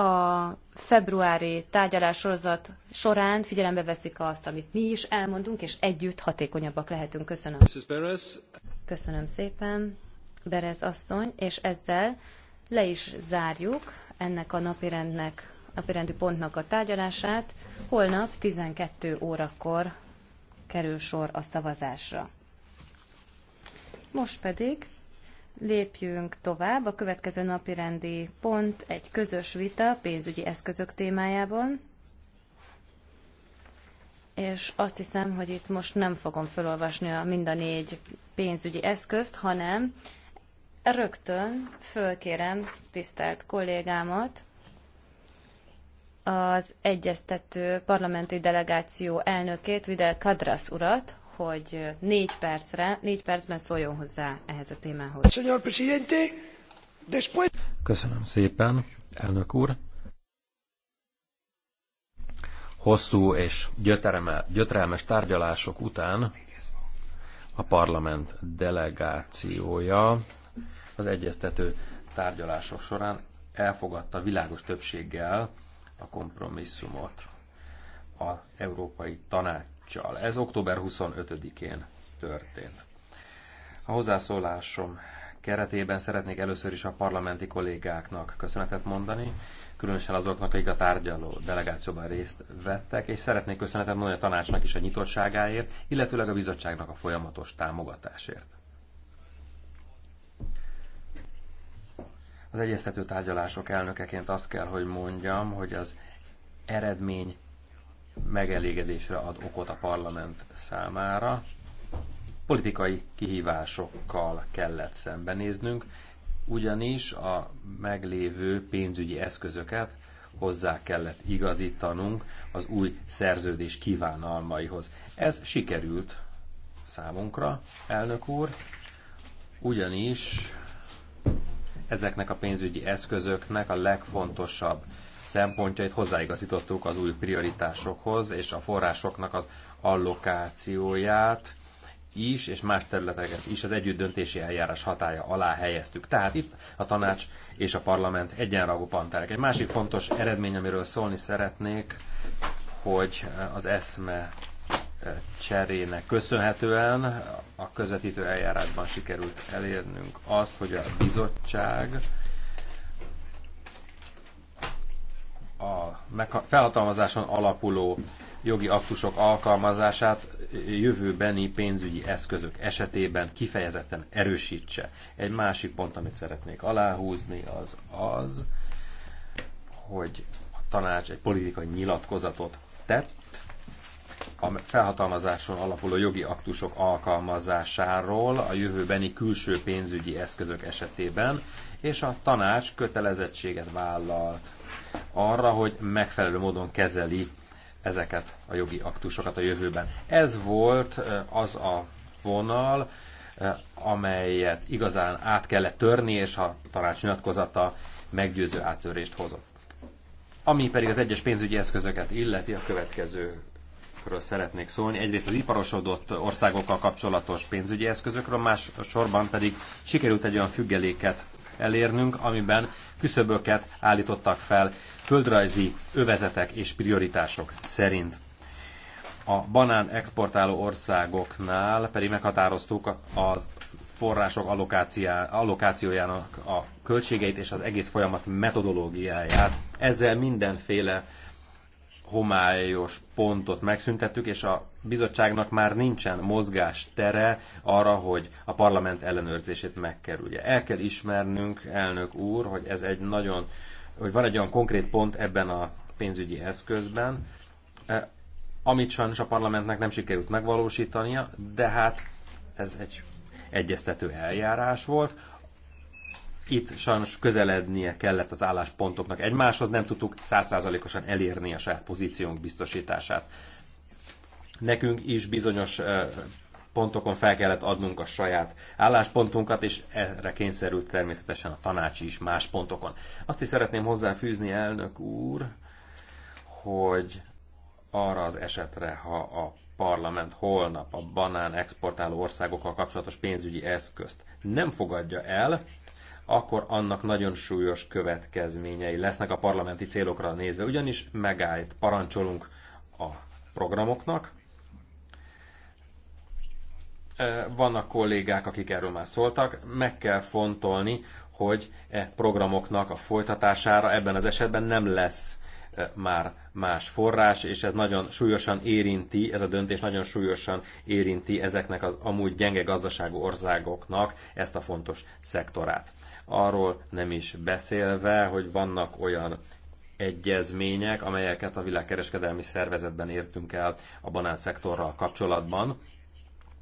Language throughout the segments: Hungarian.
a februári tárgyalássorozat során figyelembe veszik azt, amit mi is elmondunk, és együtt hatékonyabbak lehetünk. Köszönöm. Köszönöm szépen, Berez asszony, és ezzel le is zárjuk ennek a napirendnek, napirendi pontnak a tárgyalását. Holnap 12 órakor kerül sor a szavazásra. Most pedig Lépjünk tovább. A következő napi rendi pont egy közös vita pénzügyi eszközök témájában. És azt hiszem, hogy itt most nem fogom felolvasni a mind a négy pénzügyi eszközt, hanem rögtön fölkérem tisztelt kollégámat, az egyeztető parlamenti delegáció elnökét, Videl Kadrasz urat, hogy négy percre, négy percben szóljon hozzá ehhez a témához. Köszönöm szépen, elnök úr. Hosszú és gyötrelmes tárgyalások után a parlament delegációja az egyeztető tárgyalások során elfogadta világos többséggel a kompromisszumot. A Európai Tanács tanácssal. Ez október 25-én történt. A hozzászólásom keretében szeretnék először is a parlamenti kollégáknak köszönetet mondani, különösen azoknak, akik a tárgyaló delegációban részt vettek, és szeretnék köszönetet mondani a tanácsnak is a nyitottságáért, illetőleg a bizottságnak a folyamatos támogatásért. Az egyeztető tárgyalások elnökeként azt kell, hogy mondjam, hogy az eredmény megelégedésre ad okot a parlament számára. Politikai kihívásokkal kellett szembenéznünk, ugyanis a meglévő pénzügyi eszközöket hozzá kellett igazítanunk az új szerződés kívánalmaihoz. Ez sikerült számunkra, elnök úr, ugyanis ezeknek a pénzügyi eszközöknek a legfontosabb szempontjait hozzáigazítottuk az új prioritásokhoz, és a forrásoknak az allokációját is, és más területeket is az együttdöntési eljárás hatája alá helyeztük. Tehát itt a tanács és a parlament egyenragú panterek. Egy másik fontos eredmény, amiről szólni szeretnék, hogy az eszme cserének köszönhetően a közvetítő eljárásban sikerült elérnünk azt, hogy a bizottság a felhatalmazáson alapuló jogi aktusok alkalmazását jövőbeni pénzügyi eszközök esetében kifejezetten erősítse. Egy másik pont, amit szeretnék aláhúzni, az az, hogy a tanács egy politikai nyilatkozatot tett, a felhatalmazáson alapuló jogi aktusok alkalmazásáról a jövőbeni külső pénzügyi eszközök esetében, és a tanács kötelezettséget vállal arra, hogy megfelelő módon kezeli ezeket a jogi aktusokat a jövőben. Ez volt az a vonal, amelyet igazán át kellett törni, és a tanács nyilatkozata meggyőző áttörést hozott. Ami pedig az egyes pénzügyi eszközöket illeti, a következő szeretnék szólni. Egyrészt az iparosodott országokkal kapcsolatos pénzügyi eszközökről, más sorban pedig sikerült egy olyan függeléket elérnünk, amiben küszöböket állítottak fel földrajzi övezetek és prioritások szerint. A banán exportáló országoknál pedig meghatároztuk a források allokációjának a költségeit és az egész folyamat metodológiáját. Ezzel mindenféle homályos pontot megszüntettük, és a bizottságnak már nincsen mozgástere arra, hogy a parlament ellenőrzését megkerülje. El kell ismernünk, elnök úr, hogy ez egy nagyon, hogy van egy olyan konkrét pont ebben a pénzügyi eszközben, e, amit sajnos a parlamentnek nem sikerült megvalósítania, de hát ez egy egyeztető eljárás volt itt sajnos közelednie kellett az álláspontoknak egymáshoz, nem tudtuk százszázalékosan elérni a saját pozíciónk biztosítását. Nekünk is bizonyos pontokon fel kellett adnunk a saját álláspontunkat, és erre kényszerült természetesen a tanácsi is más pontokon. Azt is szeretném hozzáfűzni, elnök úr, hogy arra az esetre, ha a parlament holnap a banán exportáló országokkal kapcsolatos pénzügyi eszközt nem fogadja el, akkor annak nagyon súlyos következményei lesznek a parlamenti célokra nézve, ugyanis megállt, parancsolunk a programoknak. Vannak kollégák, akik erről már szóltak, meg kell fontolni, hogy e programoknak a folytatására ebben az esetben nem lesz már más forrás, és ez nagyon súlyosan érinti, ez a döntés nagyon súlyosan érinti ezeknek az amúgy gyenge gazdaságú országoknak ezt a fontos szektorát arról nem is beszélve, hogy vannak olyan egyezmények, amelyeket a világkereskedelmi szervezetben értünk el a banán szektorral kapcsolatban,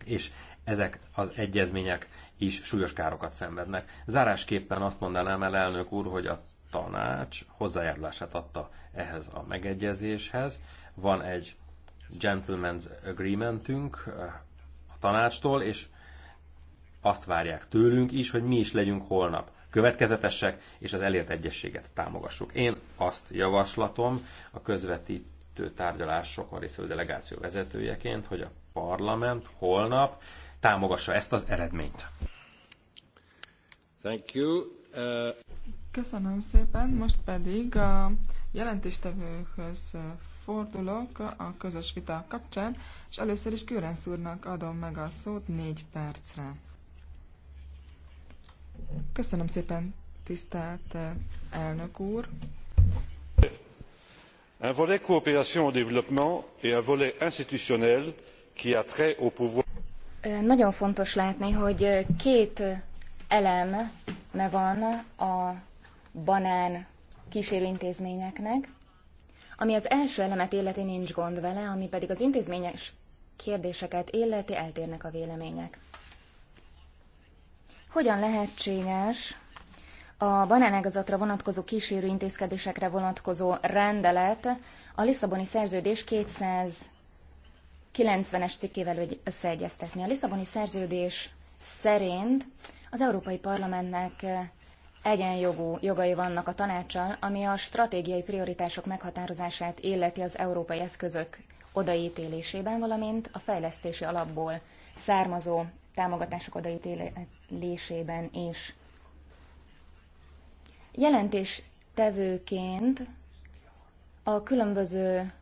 és ezek az egyezmények is súlyos károkat szenvednek. Zárásképpen azt mondanám el, elnök úr, hogy a tanács hozzájárulását adta ehhez a megegyezéshez. Van egy gentleman's agreementünk eh, a tanácstól, és azt várják tőlünk is, hogy mi is legyünk holnap következetesek, és az elért egyességet támogassuk. Én azt javaslatom a közvetítő tárgyalásokon részül delegáció vezetőjeként, hogy a parlament holnap támogassa ezt az eredményt. Thank you. Uh... Köszönöm szépen, most pedig a jelentéstevőhöz fordulok a közös vita kapcsán, és először is Kürensz úrnak adom meg a szót négy percre. Köszönöm szépen, tisztelt eh, elnök úr. Un volet coopération au développement et un volet institutionnel qui a trait au pouvoir. Eh, nagyon fontos látni, hogy eh, két me van a banán kísérőintézményeknek, ami az első elemet illeti nincs gond vele, ami pedig az intézményes kérdéseket illeti eltérnek a vélemények. Hogyan lehetséges a banánágazatra vonatkozó kísérő intézkedésekre vonatkozó rendelet a Lisszaboni szerződés 290-es cikkével összeegyeztetni. A Lisszaboni szerződés szerint az Európai Parlamentnek eh, egyenjogú jogai vannak a tanácssal, ami a stratégiai prioritások meghatározását illeti az európai eszközök odaítélésében, valamint a fejlesztési alapból származó támogatások odaítélésében is. Jelentéstevőként a különböző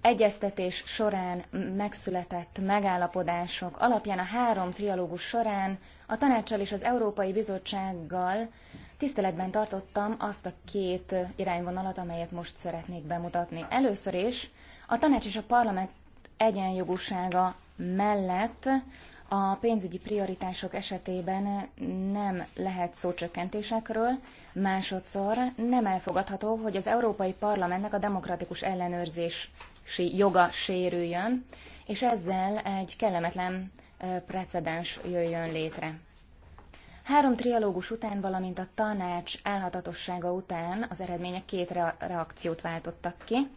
egyeztetés során megszületett megállapodások alapján a három trialógus során a tanácssal és az Európai Bizottsággal tiszteletben tartottam azt a két irányvonalat, amelyet most szeretnék bemutatni. Először is a tanács és a parlament egyenjogúsága mellett a pénzügyi prioritások esetében nem lehet szó csökkentésekről, másodszor nem elfogadható, hogy az Európai Parlamentnek a demokratikus ellenőrzési joga sérüljön, és ezzel egy kellemetlen precedens jöjjön létre. Három trialógus után, valamint a tanács elhatatossága után az eredmények két reakciót váltottak ki.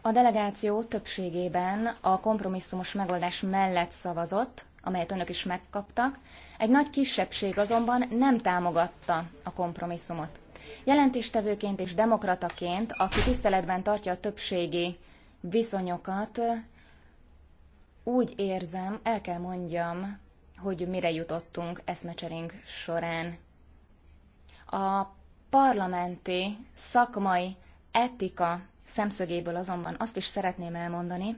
A delegáció többségében a kompromisszumos megoldás mellett szavazott, amelyet önök is megkaptak. Egy nagy kisebbség azonban nem támogatta a kompromisszumot. Jelentéstevőként és demokrataként, aki tiszteletben tartja a többségi viszonyokat, úgy érzem, el kell mondjam, hogy mire jutottunk eszmecserénk során. A parlamenti szakmai etika szemszögéből azonban azt is szeretném elmondani,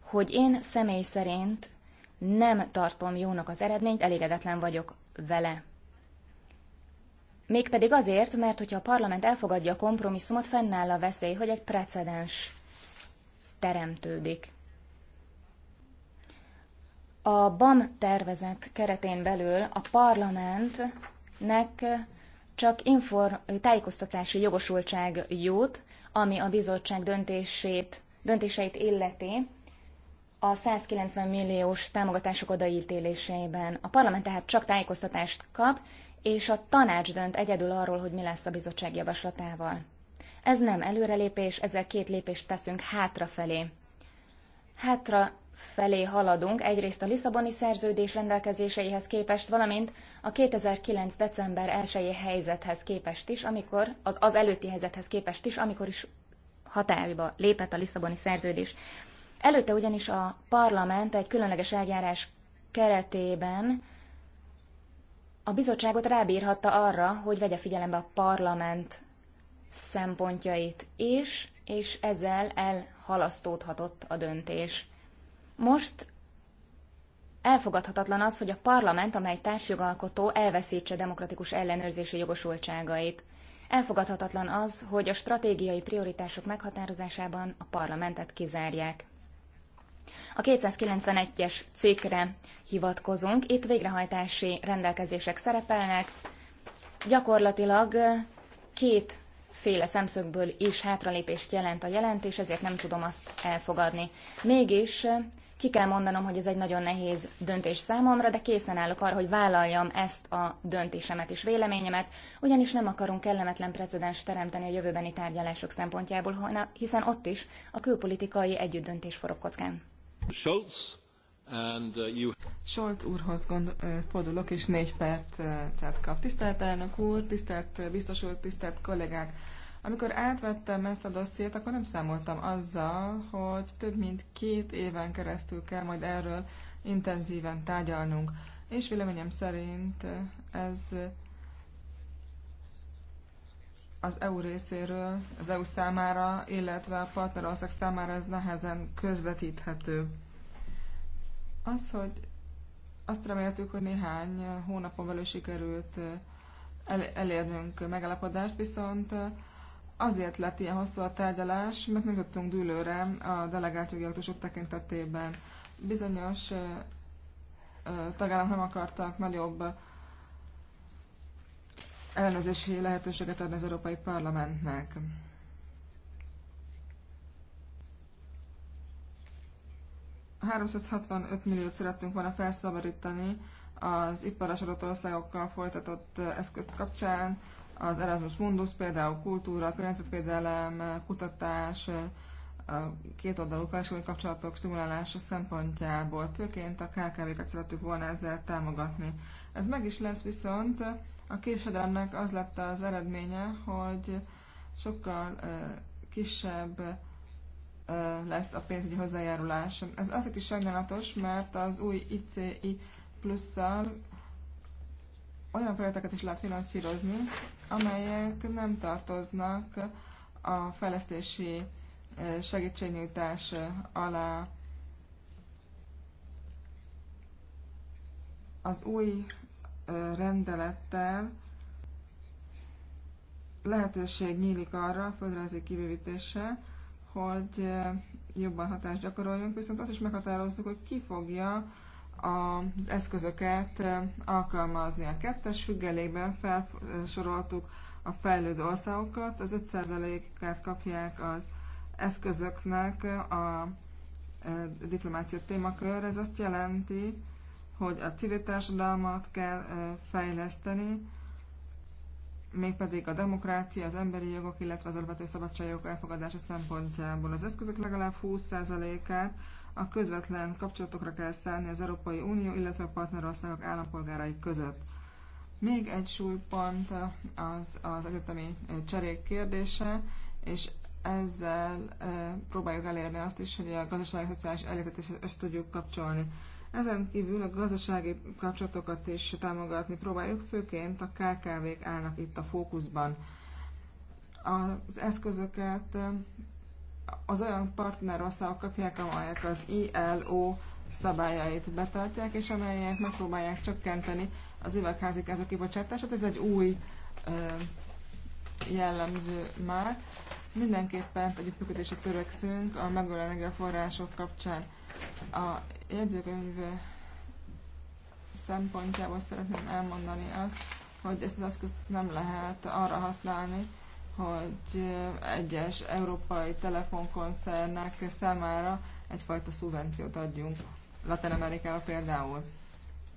hogy én személy szerint nem tartom jónak az eredményt, elégedetlen vagyok vele. Mégpedig azért, mert hogyha a parlament elfogadja a kompromisszumot, fennáll a veszély, hogy egy precedens teremtődik. A BAM tervezet keretén belül a parlamentnek csak inform- tájékoztatási jogosultság jut, ami a bizottság döntését, döntéseit illeti, a 190 milliós támogatások odaítélésében. A parlament tehát csak tájékoztatást kap, és a tanács dönt egyedül arról, hogy mi lesz a bizottság javaslatával. Ez nem előrelépés, ezzel két lépést teszünk hátrafelé. Hátra felé haladunk, egyrészt a Lisszaboni szerződés rendelkezéseihez képest, valamint a 2009. december 1 helyzethez képest is, amikor az, az előtti helyzethez képest is, amikor is hatályba lépett a Lisszaboni szerződés. Előtte ugyanis a parlament egy különleges eljárás keretében a bizottságot rábírhatta arra, hogy vegye figyelembe a parlament szempontjait is, és ezzel elhalasztódhatott a döntés. Most elfogadhatatlan az, hogy a parlament, amely társjogalkotó, elveszítse demokratikus ellenőrzési jogosultságait. Elfogadhatatlan az, hogy a stratégiai prioritások meghatározásában a parlamentet kizárják. A 291-es cikkre hivatkozunk, itt végrehajtási rendelkezések szerepelnek, gyakorlatilag két féle szemszögből is hátralépést jelent a jelentés, ezért nem tudom azt elfogadni. Mégis ki kell mondanom, hogy ez egy nagyon nehéz döntés számomra, de készen állok arra, hogy vállaljam ezt a döntésemet és véleményemet, ugyanis nem akarunk kellemetlen precedens teremteni a jövőbeni tárgyalások szempontjából, hiszen ott is a külpolitikai együttdöntés forog kockán. Scholz, and uh, you... Scholz úrhoz gond, fordulok, és négy percet kap. Tisztelt elnök úr, tisztelt biztos úr, tisztelt kollégák! Amikor átvettem ezt a dossziét, akkor nem számoltam azzal, hogy több mint két éven keresztül kell majd erről intenzíven tárgyalnunk. És véleményem szerint ez az EU részéről, az EU számára, illetve a partnerország számára ez nehezen közvetíthető. Az, hogy azt reméltük, hogy néhány hónapon belül sikerült eh, elérnünk megállapodást, viszont eh, azért lett ilyen hosszú a tárgyalás, mert nem tudtunk dűlőre a delegált jogi aktusok tekintetében. Bizonyos eh, tagállamok nem akartak nagyobb ellenőrzési lehetőséget adni az Európai Parlamentnek. A 365 milliót szerettünk volna felszabadítani az iparosodott országokkal folytatott eszközt kapcsán, az Erasmus Mundus, például kultúra, környezetvédelem, kutatás, a kétoldalú kereskedelmi kapcsolatok stimulálása szempontjából, főként a KKV-ket szerettük volna ezzel támogatni. Ez meg is lesz viszont a késedelemnek az lett az eredménye, hogy sokkal kisebb lesz a pénzügyi hozzájárulás. Ez azért is sajnálatos, mert az új ICI plusszal olyan projekteket is lehet finanszírozni, amelyek nem tartoznak a fejlesztési segítségnyújtás alá. Az új rendelettel lehetőség nyílik arra a földrajzi kibővítéssel, hogy jobban hatást gyakoroljunk, viszont azt is meghatározzuk, hogy ki fogja az eszközöket alkalmazni. A kettes függelékben felsoroltuk a fejlődő országokat, az 5%-át kapják az eszközöknek a diplomáció témakör. Ez azt jelenti, hogy a civil társadalmat kell fejleszteni, mégpedig a demokrácia, az emberi jogok, illetve az alapvető szabadságok elfogadása szempontjából. Az eszközök legalább 20%-át a közvetlen kapcsolatokra kell szállni az Európai Unió, illetve a partnerországok állampolgárai között. Még egy súlypont az, az egyetemi cserék kérdése, és ezzel e, próbáljuk elérni azt is, hogy a gazdasági szociális elértetést össze tudjuk kapcsolni. Ezen kívül a gazdasági kapcsolatokat is támogatni próbáljuk, főként a KKV-k állnak itt a fókuszban. Az eszközöket eh, az olyan partnerországok kapják, amelyek az ILO szabályait betartják, és amelyek megpróbálják csökkenteni az üvegházigázok kibocsátását. Ez egy új eh, jellemző már, Mindenképpen együttműködésre törekszünk a megújuló energiaforrások kapcsán. A jegyzőkönyv szempontjából szeretném elmondani azt, hogy ezt az eszközt nem lehet arra használni, hogy egyes európai telefonkoncernek számára egyfajta szubvenciót adjunk, Latin Amerikába például.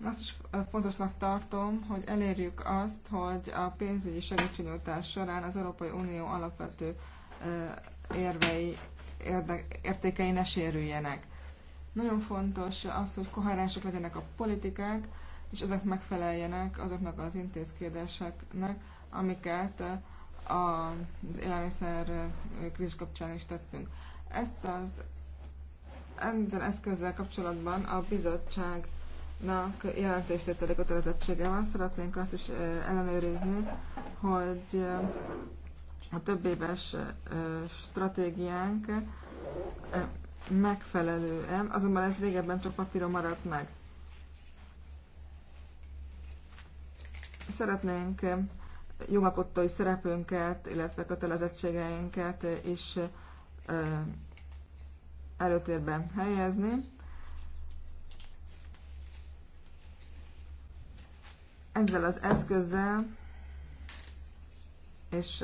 Azt is fontosnak tartom, hogy elérjük azt, hogy a pénzügyi segítségnyújtás során az Európai Unió alapvető érvei, érde, értékei ne sérüljenek. Nagyon fontos az, hogy koherensek legyenek a politikák, és ezek megfeleljenek azoknak az intézkedéseknek, amiket az élelmiszer krízis kapcsán is tettünk. Ezt az ezzel eszközzel kapcsolatban a bizottságnak jelentéstételi kötelezettsége van. Szeretnénk azt is ellenőrizni, hogy a több éves stratégiánk megfelelő-e, azonban ez régebben csak papíron maradt meg. Szeretnénk jogalkotói szerepünket, illetve kötelezettségeinket is előtérben helyezni. Ezzel az eszközzel és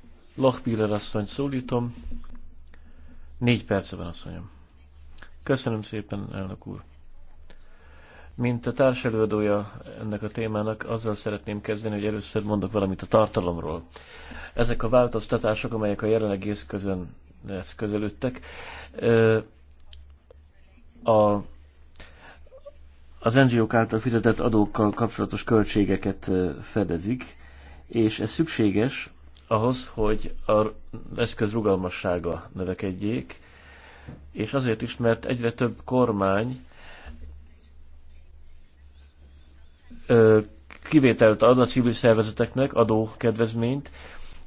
Lochbiller asszony szólítom. Négy perce van, asszonyom. Köszönöm szépen, elnök úr. Mint a társelőadója ennek a témának, azzal szeretném kezdeni, hogy először mondok valamit a tartalomról. Ezek a változtatások, amelyek a jelenlegi eszközön eszközölődtek, a, az NGO-k által fizetett adókkal kapcsolatos költségeket fedezik, és ez szükséges, ahhoz, hogy az eszköz rugalmassága növekedjék, és azért is, mert egyre több kormány kivételt ad a civil szervezeteknek, adókedvezményt,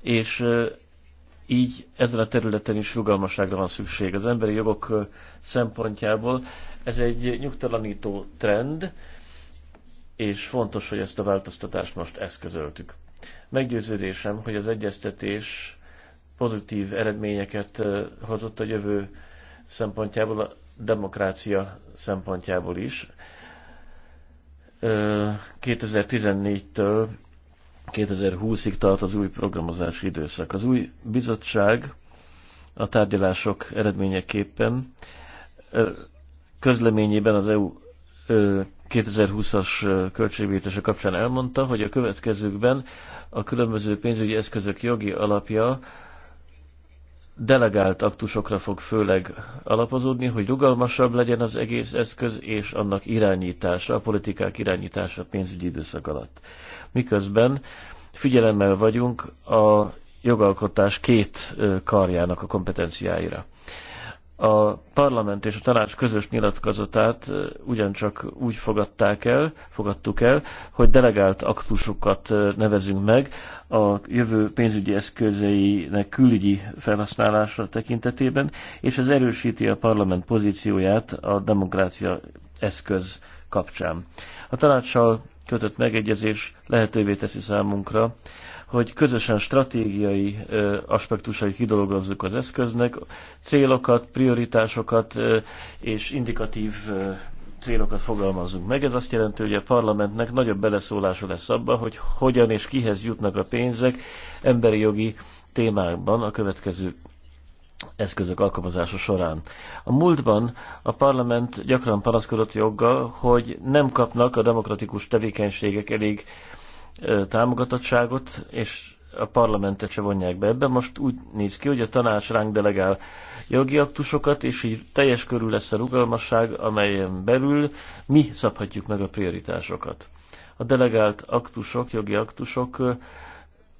és így ezen a területen is rugalmasságra van szükség. Az emberi jogok szempontjából ez egy nyugtalanító trend, és fontos, hogy ezt a változtatást most eszközöltük. Meggyőződésem, hogy az egyeztetés pozitív eredményeket hozott a jövő szempontjából, a demokrácia szempontjából is. 2014-től 2020-ig tart az új programozási időszak. Az új bizottság a tárgyalások eredményeképpen közleményében az EU 2020-as költségvetése kapcsán elmondta, hogy a következőkben a különböző pénzügyi eszközök jogi alapja delegált aktusokra fog főleg alapozódni, hogy rugalmasabb legyen az egész eszköz és annak irányítása, a politikák irányítása a pénzügyi időszak alatt. Miközben figyelemmel vagyunk a jogalkotás két karjának a kompetenciáira a parlament és a tanács közös nyilatkozatát ugyancsak úgy fogadták el, fogadtuk el, hogy delegált aktusokat nevezünk meg a jövő pénzügyi eszközeinek külügyi felhasználása tekintetében, és ez erősíti a parlament pozícióját a demokrácia eszköz kapcsán. A tanácssal kötött megegyezés lehetővé teszi számunkra, hogy közösen stratégiai aspektusai kidolgozzuk az eszköznek, célokat, prioritásokat és indikatív célokat fogalmazunk meg. Ez azt jelenti, hogy a parlamentnek nagyobb beleszólása lesz abban, hogy hogyan és kihez jutnak a pénzek emberi jogi témákban a következő eszközök alkalmazása során. A múltban a parlament gyakran panaszkodott joggal, hogy nem kapnak a demokratikus tevékenységek elég támogatottságot, és a parlamentet se vonják be ebbe. Most úgy néz ki, hogy a tanács ránk delegál jogi aktusokat, és így teljes körül lesz a rugalmasság, amelyen belül mi szabhatjuk meg a prioritásokat. A delegált aktusok, jogi aktusok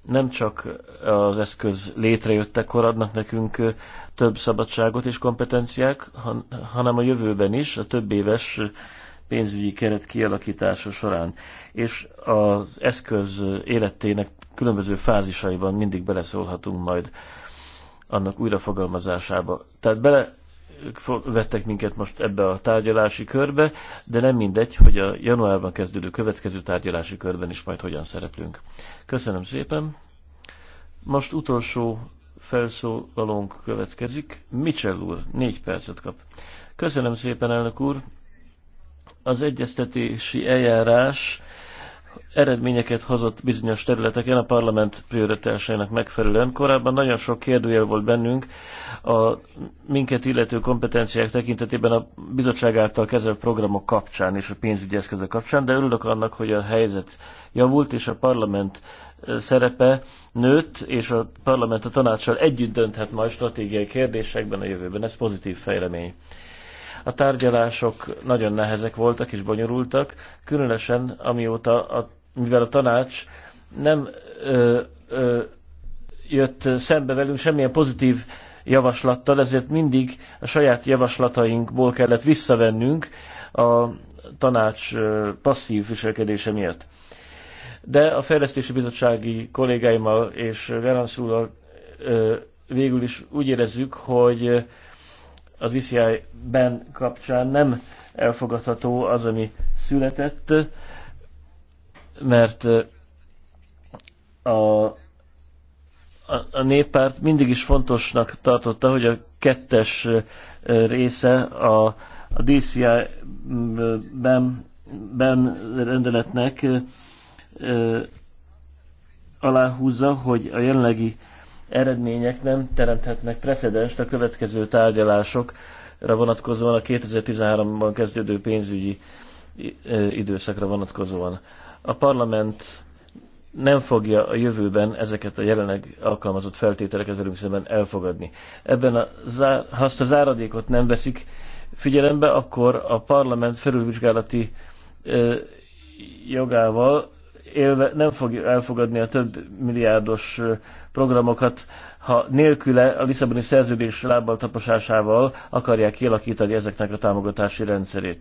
nem csak az eszköz létrejöttekor adnak nekünk több szabadságot és kompetenciák, hanem a jövőben is, a több éves pénzügyi keret kialakítása során, és az eszköz életének különböző fázisaiban mindig beleszólhatunk majd annak újrafogalmazásába. Tehát bele vettek minket most ebbe a tárgyalási körbe, de nem mindegy, hogy a januárban kezdődő következő tárgyalási körben is majd hogyan szereplünk. Köszönöm szépen. Most utolsó felszólalónk következik. Mitchell úr, négy percet kap. Köszönöm szépen, elnök úr az egyeztetési eljárás eredményeket hozott bizonyos területeken a parlament prioritásainak megfelelően. Korábban nagyon sok kérdőjel volt bennünk a minket illető kompetenciák tekintetében a bizottság által kezelt programok kapcsán és a pénzügyi eszközök kapcsán, de örülök annak, hogy a helyzet javult, és a parlament szerepe nőtt, és a parlament a tanácssal együtt dönthet majd stratégiai kérdésekben a jövőben. Ez pozitív fejlemény. A tárgyalások nagyon nehezek voltak és bonyolultak, különösen amióta, a, mivel a tanács nem ö, ö, jött szembe velünk semmilyen pozitív javaslattal, ezért mindig a saját javaslatainkból kellett visszavennünk a tanács passzív viselkedése miatt. De a fejlesztési bizottsági kollégáimmal és Veranszúlal végül is úgy érezzük, hogy az ICI-ben kapcsán nem elfogadható az, ami született, mert a, a, a néppárt mindig is fontosnak tartotta, hogy a kettes része a, a DCI-ben ben rendeletnek aláhúzza, hogy a jelenlegi eredmények nem teremthetnek precedenst a következő tárgyalásokra vonatkozóan, a 2013-ban kezdődő pénzügyi időszakra vonatkozóan. A parlament nem fogja a jövőben ezeket a jelenleg alkalmazott feltételeket velünk szemben elfogadni. Ebben a, ha azt a záradékot nem veszik figyelembe, akkor a parlament felülvizsgálati jogával élve, nem fog elfogadni a több milliárdos programokat, ha nélküle a Lisszaboni szerződés lábbal taposásával akarják kialakítani ezeknek a támogatási rendszerét.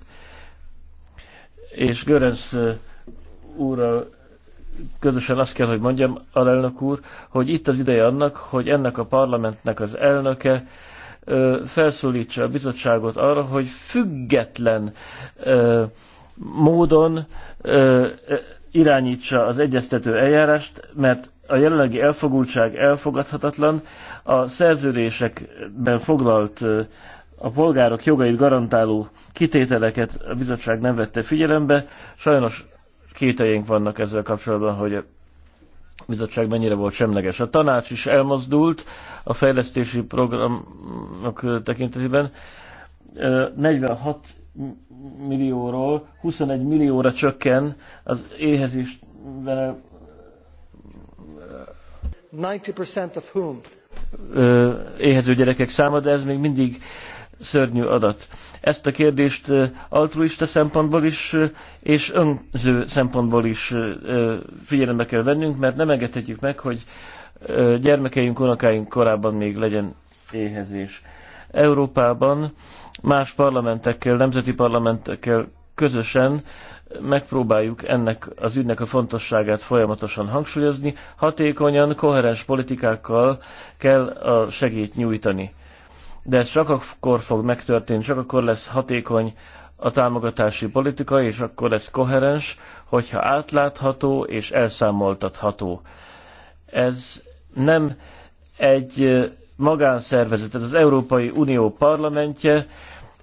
És Görens úrral közösen azt kell, hogy mondjam, alelnök úr, hogy itt az ideje annak, hogy ennek a parlamentnek az elnöke ö, felszólítsa a bizottságot arra, hogy független ö, módon ö, irányítsa az egyeztető eljárást, mert a jelenlegi elfogultság elfogadhatatlan, a szerződésekben foglalt a polgárok jogait garantáló kitételeket a bizottság nem vette figyelembe. Sajnos kételjénk vannak ezzel kapcsolatban, hogy a bizottság mennyire volt semleges. A tanács is elmozdult a fejlesztési programok tekintetében. 46 millióról 21 millióra csökken az éhezésben 90% of whom? éhező gyerekek száma, de ez még mindig szörnyű adat. Ezt a kérdést altruista szempontból is és önző szempontból is figyelembe kell vennünk, mert nem engedhetjük meg, hogy gyermekeink, unokáink korában még legyen éhezés. Európában más parlamentekkel, nemzeti parlamentekkel közösen megpróbáljuk ennek az ügynek a fontosságát folyamatosan hangsúlyozni, hatékonyan, koherens politikákkal kell a segít nyújtani. De ez csak akkor fog megtörténni, csak akkor lesz hatékony a támogatási politika, és akkor lesz koherens, hogyha átlátható és elszámoltatható. Ez nem egy magánszervezet, ez az Európai Unió parlamentje,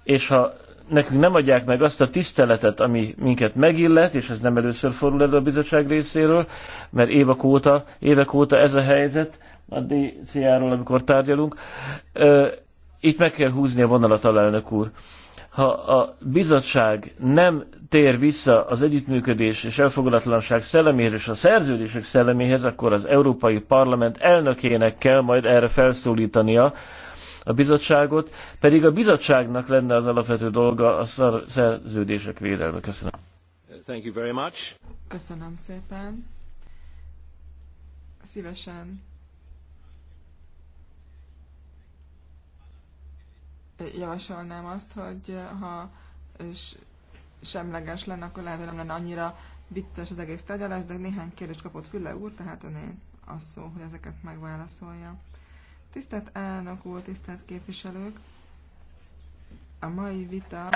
és ha nekünk nem adják meg azt a tiszteletet, ami minket megillet, és ez nem először fordul elő a bizottság részéről, mert évek óta, évek óta ez a helyzet, a DCA-ról, amikor tárgyalunk, itt meg kell húzni a vonalat, alelnök úr. Ha a bizottság nem tér vissza az együttműködés és elfogadatlanság szelleméhez és a szerződések szelleméhez, akkor az Európai Parlament elnökének kell majd erre felszólítania a bizottságot, pedig a bizottságnak lenne az alapvető dolga a szerződések védelme. Köszönöm. Thank you very much. Köszönöm szépen. Szívesen javasolnám azt, hogy eh, ha és eh, semleges lenne, akkor lehet, hogy nem lenne annyira vicces az egész tárgyalás, de néhány kérdést kapott Fülle úr, tehát öné az szó, hogy ezeket megválaszolja. Tisztelt elnök úr, tisztelt képviselők! A mai vita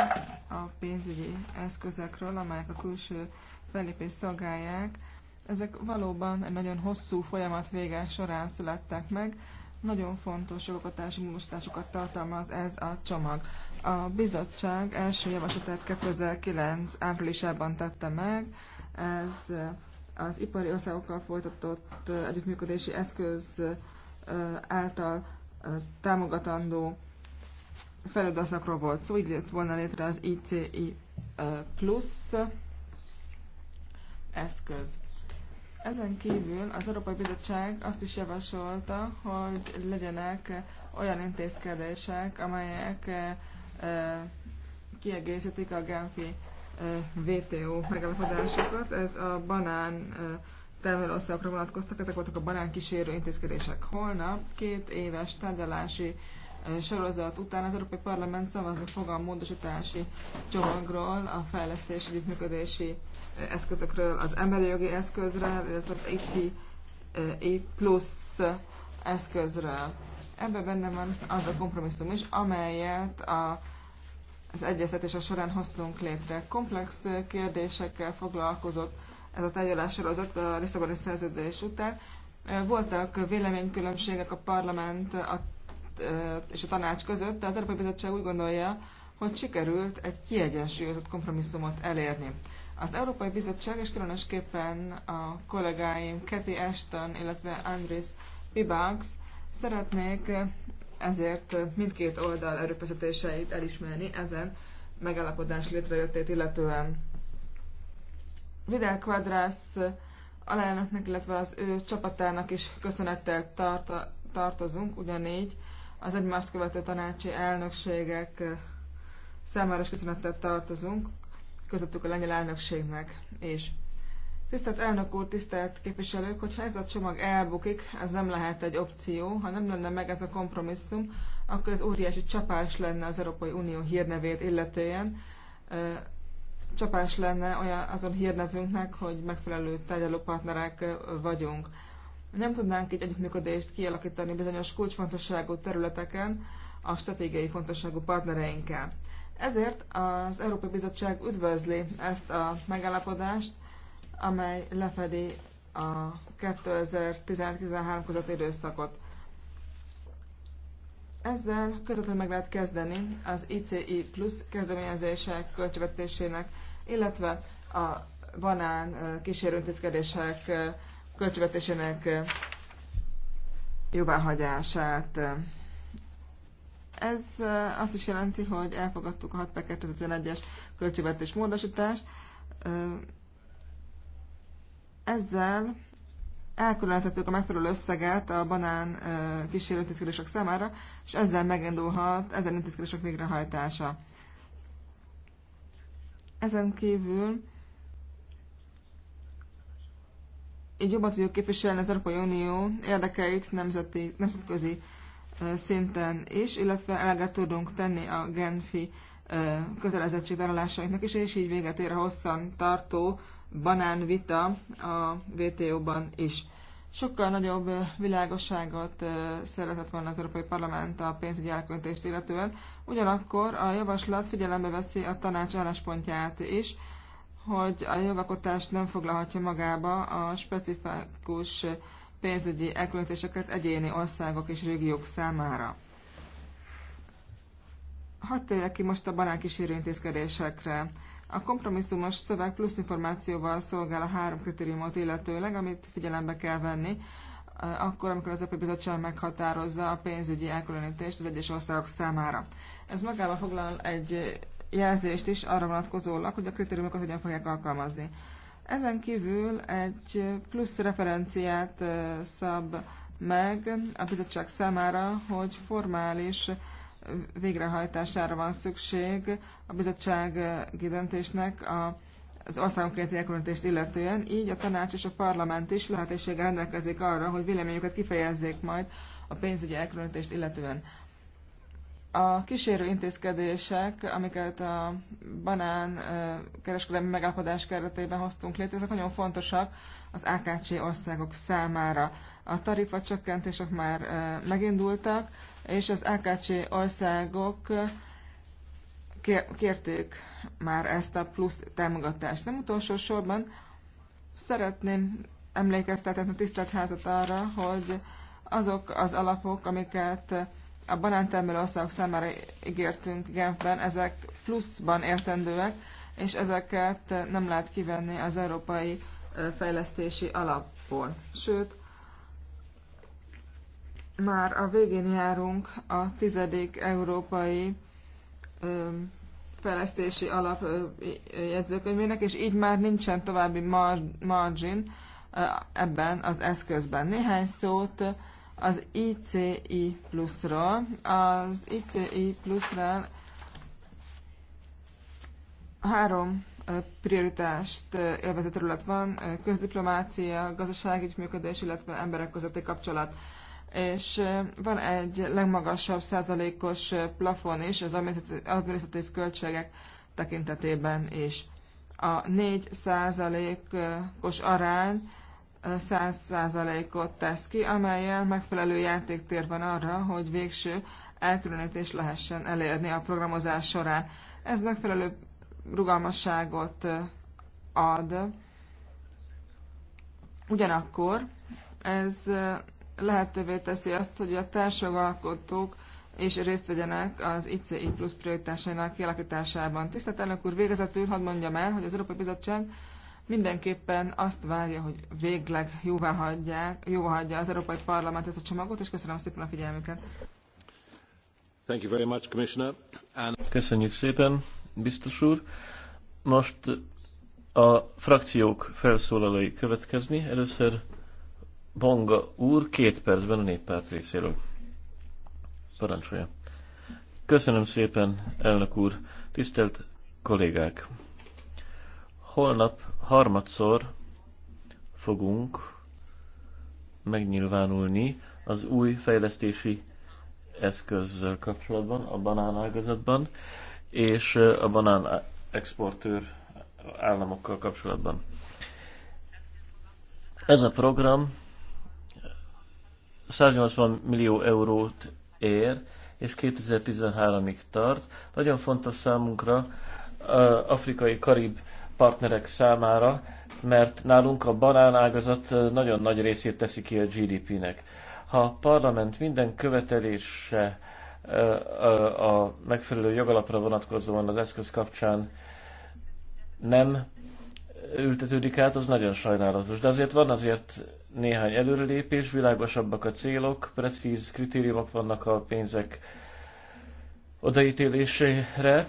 a pénzügyi eszközökről, amelyek a külső felépés szolgálják, ezek valóban egy nagyon hosszú folyamat vége során születtek meg, nagyon fontos jogokatási módosításokat tartalmaz ez a csomag. A bizottság első javaslatát 2009 áprilisában tette meg. Ez az ipari országokkal folytatott együttműködési eszköz által támogatandó feladatokról volt szó, így lett volna létre az ICI Plus eszköz. Ezen kívül az Európai Bizottság azt is javasolta, hogy legyenek olyan intézkedések, amelyek eh, eh, kiegészítik a Genfi WTO eh, megállapodásokat. Ez a banán termelőországokra vonatkoztak, ezek voltak a banán kísérő intézkedések. Holnap két éves tárgyalási sorozat után az Európai Parlament szavazni fog a módosítási csomagról, a fejlesztési együttműködési eh, eszközökről, az emberi jogi eszközről, illetve az ICI eh, plusz eszközről. Ebben benne van az a kompromisszum is, amelyet a, az a során hoztunk létre. Komplex kérdésekkel foglalkozott ez a tárgyalás sorozat a Lisszaboni szerződés után. Eh, voltak véleménykülönbségek a parlament a és a tanács között, de az Európai Bizottság úgy gondolja, hogy sikerült egy kiegyensúlyozott kompromisszumot elérni. Az Európai Bizottság és különösképpen a kollégáim Kathy Ashton, illetve Andris Pibax szeretnék ezért mindkét oldal erőfeszítéseit elismerni ezen megállapodás létrejöttét illetően. Vidal Quadrász alelnöknek, illetve az ő csapatának is köszönettel tart- tartozunk, ugyanígy az egymást követő tanácsi elnökségek számára is köszönettel tartozunk, közöttük a lengyel elnökségnek és Tisztelt elnök úr, tisztelt képviselők, hogyha ez a csomag elbukik, ez nem lehet egy opció, ha nem lenne meg ez a kompromisszum, akkor ez óriási csapás lenne az Európai Unió hírnevét illetően, csapás lenne olyan, azon hírnevünknek, hogy megfelelő tárgyalópartnerek vagyunk nem tudnánk egy együttműködést kialakítani bizonyos kulcsfontosságú területeken a stratégiai fontosságú partnereinkkel. Ezért az Európai Bizottság üdvözli ezt a megállapodást, amely lefedi a 2013 között időszakot. Ezzel közvetlenül meg lehet kezdeni az ICI plusz kezdeményezések költségvetésének, illetve a banán kísérőintézkedések költségvetésének eh, jóváhagyását. Ez eh, azt is jelenti, hogy elfogadtuk a 6 es költségvetés módosítást. Eh, ezzel elkülönítettük a megfelelő összeget a banán kísérő intézkedések számára, és ezzel megindulhat ezen intézkedések végrehajtása. Ezen kívül így jobban tudjuk képviselni az Európai Unió érdekeit nemzeti, nemzetközi szinten is, illetve eleget tudunk tenni a Genfi kötelezettségvállalásainknak is, és így véget ér a hosszan tartó banánvita a WTO-ban is. Sokkal nagyobb világosságot szeretett volna az Európai Parlament a pénzügyi elköntést illetően, ugyanakkor a javaslat figyelembe veszi a tanács álláspontját is, hogy a jogalkotás nem foglalhatja magába a specifikus pénzügyi elkülönítéseket egyéni országok és régiók számára. Hadd tegyek ki most a banánkísérő intézkedésekre. A kompromisszumos szöveg plusz információval szolgál a három kritériumot illetőleg, amit figyelembe kell venni, eh, akkor, amikor az Európai Bizottság meghatározza a pénzügyi elkülönítést az egyes országok számára. Ez magába foglal egy jelzést is arra vonatkozólag, hogy a kritériumokat hogyan fogják alkalmazni. Ezen kívül egy plusz referenciát szab meg a bizottság számára, hogy formális végrehajtására van szükség a bizottság döntésnek a, az országonkénti elkülönítést illetően, így a tanács és a parlament is lehetőséggel rendelkezik arra, hogy véleményüket kifejezzék majd a pénzügyi elkülönítést illetően. A kísérő intézkedések, amiket a banán kereskedelmi megállapodás keretében hoztunk létre, ezek nagyon fontosak az AKC országok számára. A tarifa csökkentések már megindultak, és az AKC országok kérték már ezt a plusz támogatást. Nem utolsó sorban szeretném emlékeztetni a tisztelt házat arra, hogy azok az alapok, amiket a banántermelő országok számára ígértünk Genfben, ezek pluszban értendőek, és ezeket nem lehet kivenni az európai fejlesztési alapból. Sőt, már a végén járunk a tizedik európai fejlesztési alap jegyzőkönyvének, és így már nincsen további margin ebben az eszközben. Néhány szót az ICI pluszról. Az ICI pluszról három prioritást élvező terület van, közdiplomácia, működés illetve emberek közötti kapcsolat. És van egy legmagasabb százalékos plafon is az adminisztratív költségek tekintetében is. A 4 százalékos arány 100%-ot tesz ki, amelyel megfelelő játéktér van arra, hogy végső elkülönítést lehessen elérni a programozás során. Ez megfelelő rugalmasságot eh, ad. Ugyanakkor ez eh, lehetővé teszi azt, hogy a társjogalkotók és részt vegyenek az ICI plusz prioritásainak kialakításában. Tisztelt elnök úr, végezetül hadd mondjam el, hogy az Európai Bizottság mindenképpen azt várja, hogy végleg jóvá, hagyják, jóvá hagyja az Európai Parlament ezt a csomagot, és köszönöm szépen a figyelmüket. Thank you very much, Commissioner. And... Köszönjük szépen, biztos úr. Most a frakciók felszólalói következni. Először Bonga úr két percben a néppárt részéről. Parancsolja. Köszönöm szépen, elnök úr, tisztelt kollégák! Holnap harmadszor fogunk megnyilvánulni az új fejlesztési eszközzel kapcsolatban, a banánágazatban, és a banán exportőr államokkal kapcsolatban. Ez a program 180 millió eurót ér, és 2013-ig tart. Nagyon fontos számunkra afrikai karib partnerek számára, mert nálunk a banánágazat nagyon nagy részét teszi ki a GDP-nek. Ha a parlament minden követelése a megfelelő jogalapra vonatkozóan az eszköz kapcsán nem ültetődik át, az nagyon sajnálatos. De azért van azért néhány előrelépés, világosabbak a célok, precíz kritériumok vannak a pénzek odaítélésére,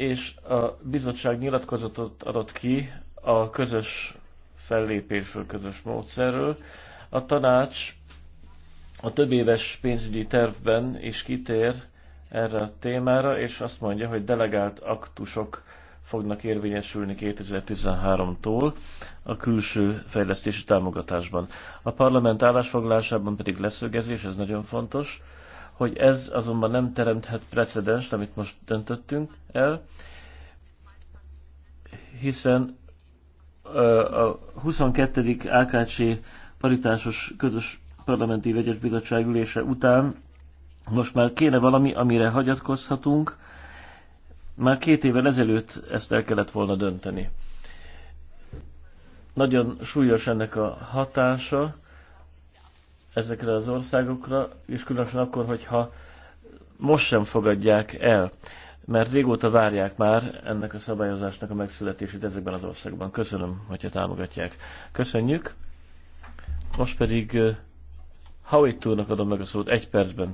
és a bizottság nyilatkozatot adott ki a közös fellépésről, közös módszerről. A tanács a több éves pénzügyi tervben is kitér erre a témára, és azt mondja, hogy delegált aktusok fognak érvényesülni 2013-tól a külső fejlesztési támogatásban. A parlament állásfoglalásában pedig leszögezés, ez nagyon fontos, hogy ez azonban nem teremthet precedens, amit most döntöttünk el, hiszen a 22. AKC paritásos közös parlamenti vegyes bizottság ülése után most már kéne valami, amire hagyatkozhatunk. Már két évvel ezelőtt ezt el kellett volna dönteni. Nagyon súlyos ennek a hatása, ezekre az országokra, és különösen akkor, hogyha most sem fogadják el, mert régóta várják már ennek a szabályozásnak a megszületését ezekben az országokban. Köszönöm, hogyha támogatják. Köszönjük. Most pedig Howitt úrnak adom meg a szót egy percben.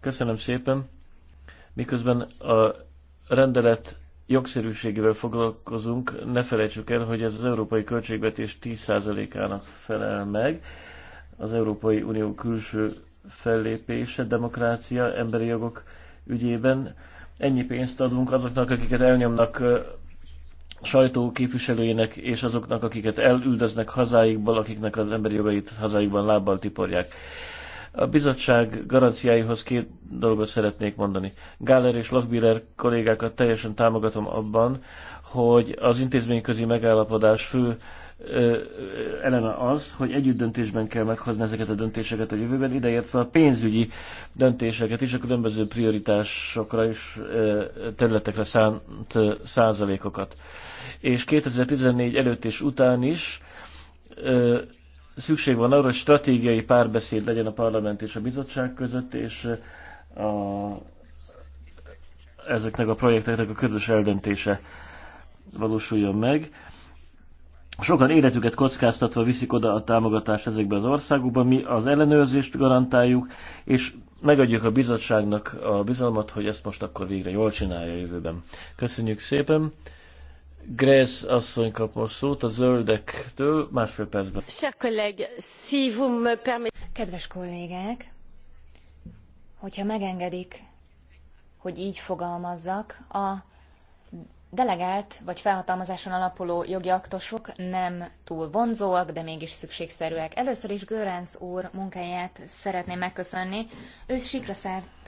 Köszönöm szépen. Miközben a rendelet jogszerűségével foglalkozunk, ne felejtsük el, hogy ez az európai költségvetés 10%-ának felel meg, az Európai Unió külső fellépése, demokrácia, emberi jogok ügyében. Ennyi pénzt adunk azoknak, akiket elnyomnak sajtó képviselőjének, és azoknak, akiket elüldöznek hazáikból, akiknek az emberi jogait hazáikban lábbal tiporják. A bizottság garanciáihoz két dolgot szeretnék mondani. Gáler és Lockbiller kollégákat teljesen támogatom abban, hogy az intézményközi megállapodás fő eleme az, hogy együtt döntésben kell meghozni ezeket a döntéseket a jövőben, ideértve a pénzügyi döntéseket is, a különböző prioritásokra és területekre szánt százalékokat. És 2014 előtt és után is szükség van arra, hogy stratégiai párbeszéd legyen a parlament és a bizottság között, és a, ezeknek a projekteknek a közös eldöntése valósuljon meg Sokan életüket kockáztatva viszik oda a támogatást ezekbe az országokba, mi az ellenőrzést garantáljuk, és megadjuk a bizottságnak a bizalmat, hogy ezt most akkor végre jól csinálja a jövőben. Köszönjük szépen! Grace asszony kap most szót a zöldektől másfél percben. Kedves kollégák, hogyha megengedik, hogy így fogalmazzak, a delegált vagy felhatalmazáson alapuló jogi aktusok nem túl vonzóak, de mégis szükségszerűek. Először is Görenc úr munkáját szeretném megköszönni. Ő sikra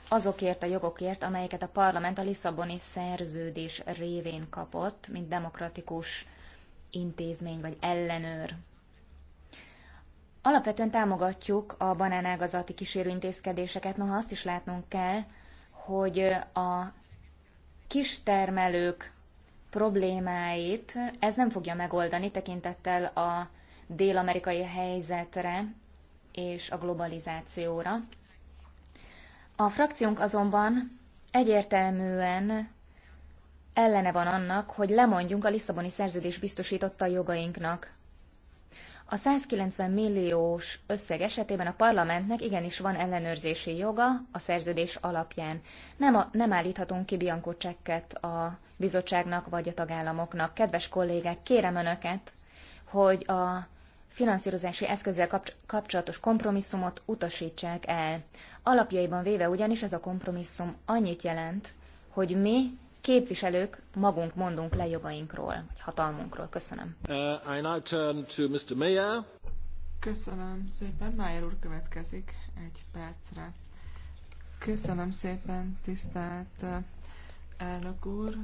azokért a jogokért, amelyeket a parlament a Lisszaboni szerződés révén kapott, mint demokratikus intézmény vagy ellenőr. Alapvetően támogatjuk a banánágazati kísérőintézkedéseket, noha azt is látnunk kell, hogy a kistermelők problémáit ez nem fogja megoldani tekintettel a dél-amerikai helyzetre és a globalizációra. A frakciónk azonban egyértelműen ellene van annak, hogy lemondjunk a Lisszaboni szerződés biztosította jogainknak. A 190 milliós összeg esetében a parlamentnek igenis van ellenőrzési joga a szerződés alapján. Nem, a, nem állíthatunk ki Bianco csekket a bizottságnak vagy a tagállamoknak. Kedves kollégák, kérem Önöket, hogy a finanszírozási eszközzel kapcsolatos kompromisszumot utasítsák el. Alapjaiban véve ugyanis ez a kompromisszum annyit jelent, hogy mi, képviselők, magunk mondunk le jogainkról, vagy hatalmunkról. Köszönöm. Uh, I now turn to Mr. Mayer. Köszönöm szépen. Májer úr következik egy percre. Köszönöm szépen, tisztelt uh, elnök úr,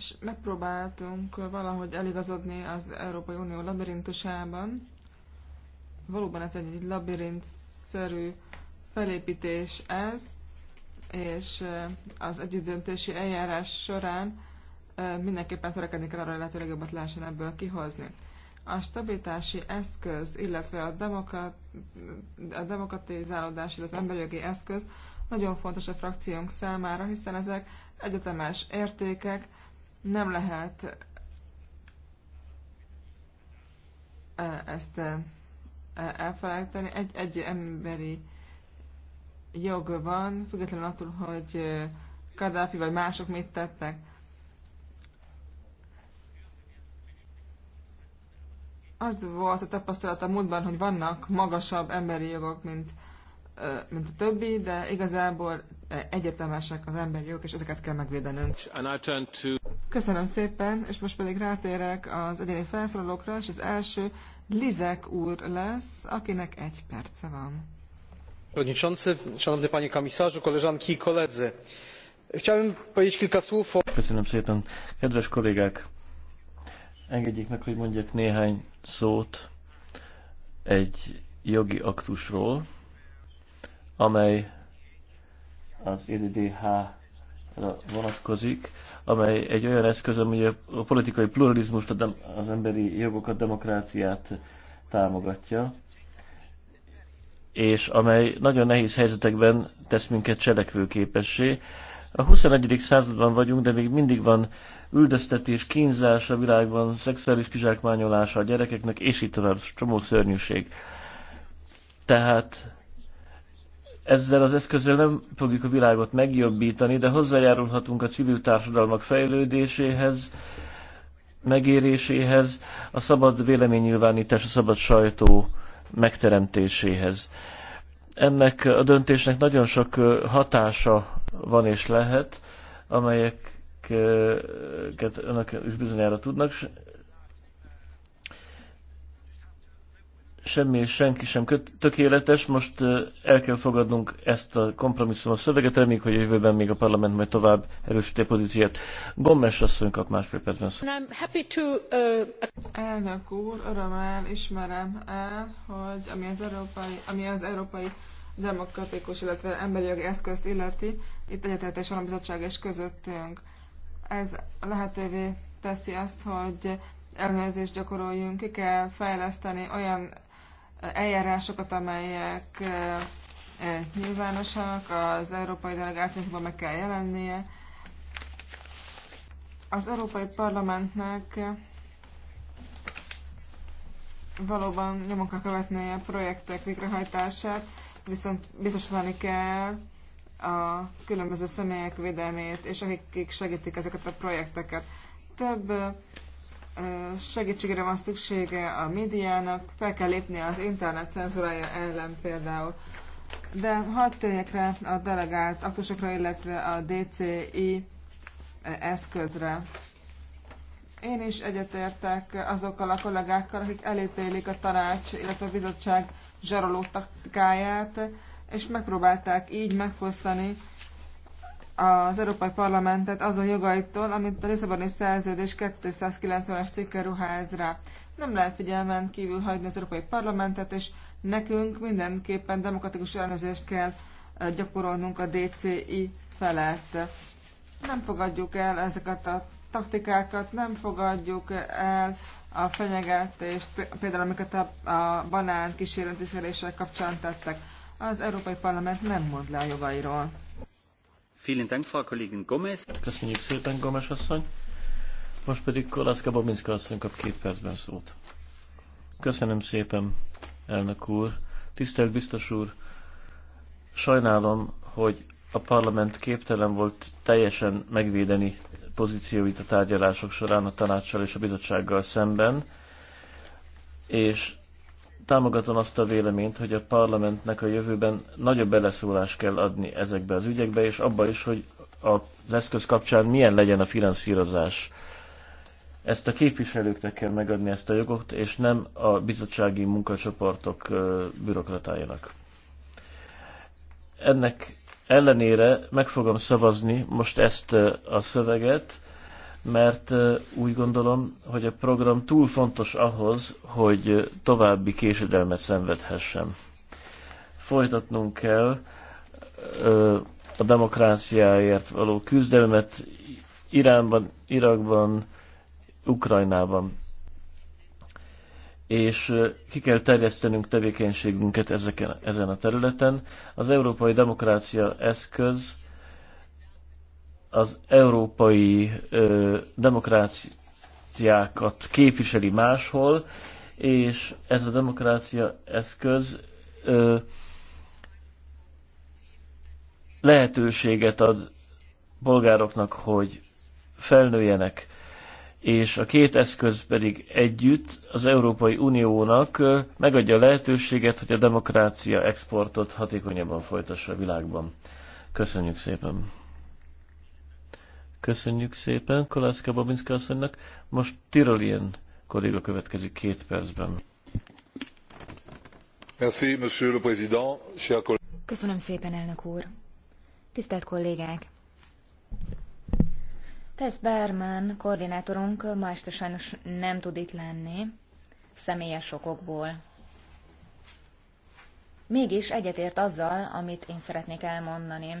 és megpróbáltunk valahogy eligazodni az Európai Unió labirintusában. Valóban ez egy labirintszerű felépítés ez, és az együttdöntési eljárás során mindenképpen törekedni kell arra, hogy lehetőleg jobbat lehessen ebből kihozni. A stabilitási eszköz, illetve a, demokrat, a demokratizálódás, illetve emberjogi eszköz nagyon fontos a frakciónk számára, hiszen ezek egyetemes értékek, nem lehet e, ezt e, e, elfelejteni. Egy, egy emberi jog van, függetlenül attól, hogy Kadhafi vagy mások mit tettek. Az volt a tapasztalat a múltban, hogy vannak magasabb emberi jogok, mint, mint a többi, de igazából egyetemesek az emberi jogok, és ezeket kell megvédenünk. Köszönöm szépen, és most pedig rátérek az egyéni felszólalókra, és az első Lizek úr lesz, akinek egy perce van. Przewodniczący, szanowny panie komisarzu, koleżanki i koledzy. Chciałbym powiedzieć kilka słów o... Köszönöm szépen. Kedves kollégák, engedjék meg, hogy mondjak néhány szót egy jogi aktusról, amely az EDDH vonatkozik, amely egy olyan eszköz, ami a politikai pluralizmust, az emberi jogokat, demokráciát támogatja, és amely nagyon nehéz helyzetekben tesz minket cselekvőképessé. A 21. században vagyunk, de még mindig van üldöztetés, kínzás a világban, szexuális kizsákmányolása a gyerekeknek, és itt tovább csomó szörnyűség. Tehát ezzel az eszközzel nem fogjuk a világot megjobbítani, de hozzájárulhatunk a civil társadalmak fejlődéséhez, megéréséhez, a szabad véleménynyilvánítás, a szabad sajtó megteremtéséhez. Ennek a döntésnek nagyon sok hatása van és lehet, amelyeket önök is bizonyára tudnak, semmi és senki sem tökéletes, most el kell fogadnunk ezt a a szöveget, reméljük, hogy a jövőben még a parlament majd tovább erősíti a pozíciát. Gommes asszony kap másfél percben szó. Elnök úr, örömmel ismerem el, hogy ami az európai, ami az európai demokratikus, illetve emberi jogi eszközt illeti, itt egyetértés van a bizottság és közöttünk. Ez lehetővé teszi azt, hogy ellenőrzést gyakoroljunk, ki kell fejleszteni olyan eljárásokat, amelyek nyilvánosak, az európai delegációkban meg kell jelennie. Az Európai Parlamentnek valóban nyomon kell követni a projektek végrehajtását, viszont biztosítani kell a különböző személyek védelmét, és akik segítik ezeket a projekteket. Több Segítségre van szüksége a médiának, fel kell lépni az internet cenzúrája ellen például. De hagyd térjek rá a delegált aktusokra, illetve a DCI eszközre. Én is egyetértek azokkal a kollégákkal, akik elítélik a tanács, illetve a bizottság zsaroló taktikáját, és megpróbálták így megfosztani az Európai Parlamentet azon jogaitól, amit a Lisszaboni Szerződés 290-es cikke ruház rá. Nem lehet figyelmen kívül hagyni az Európai Parlamentet, és nekünk mindenképpen demokratikus ellenőrzést kell gyakorolnunk a DCI felett. Nem fogadjuk el ezeket a taktikákat, nem fogadjuk el a fenyegetést, például amiket a, a banán kísérő kapcsán tettek. Az Európai Parlament nem mond le a jogairól. Köszönjük szépen, Gomes asszony. Most pedig Kolaszka Babinska asszony kap két percben szót. Köszönöm szépen, elnök úr. Tisztelt biztos úr, sajnálom, hogy a parlament képtelen volt teljesen megvédeni pozícióit a tárgyalások során a tanácssal és a bizottsággal szemben, és támogatom azt a véleményt, hogy a parlamentnek a jövőben nagyobb beleszólást kell adni ezekbe az ügyekbe, és abba is, hogy az eszköz kapcsán milyen legyen a finanszírozás. Ezt a képviselőknek kell megadni ezt a jogot, és nem a bizottsági munkacsoportok bürokratájának. Ennek ellenére meg fogom szavazni most ezt a szöveget, mert úgy gondolom, hogy a program túl fontos ahhoz, hogy további késedelmet szenvedhessem. Folytatnunk kell a demokráciáért való küzdelmet Iránban, Irakban, Ukrajnában. És ki kell terjesztenünk tevékenységünket ezeken, ezen a területen. Az Európai Demokrácia Eszköz az európai ö, demokráciákat képviseli máshol, és ez a demokrácia eszköz ö, lehetőséget ad polgároknak, hogy felnőjenek, és a két eszköz pedig együtt az Európai Uniónak megadja a lehetőséget, hogy a demokrácia exportot hatékonyabban folytassa a világban. Köszönjük szépen! Köszönjük szépen Kolászka Babinska asszonynak. Most Tirolien kolléga következik két percben. Merci, monsieur le président, chers Köszönöm szépen, elnök úr. Tisztelt kollégák! Tess Berman koordinátorunk ma este sajnos nem tud itt lenni, személyes okokból. Mégis egyetért azzal, amit én szeretnék elmondani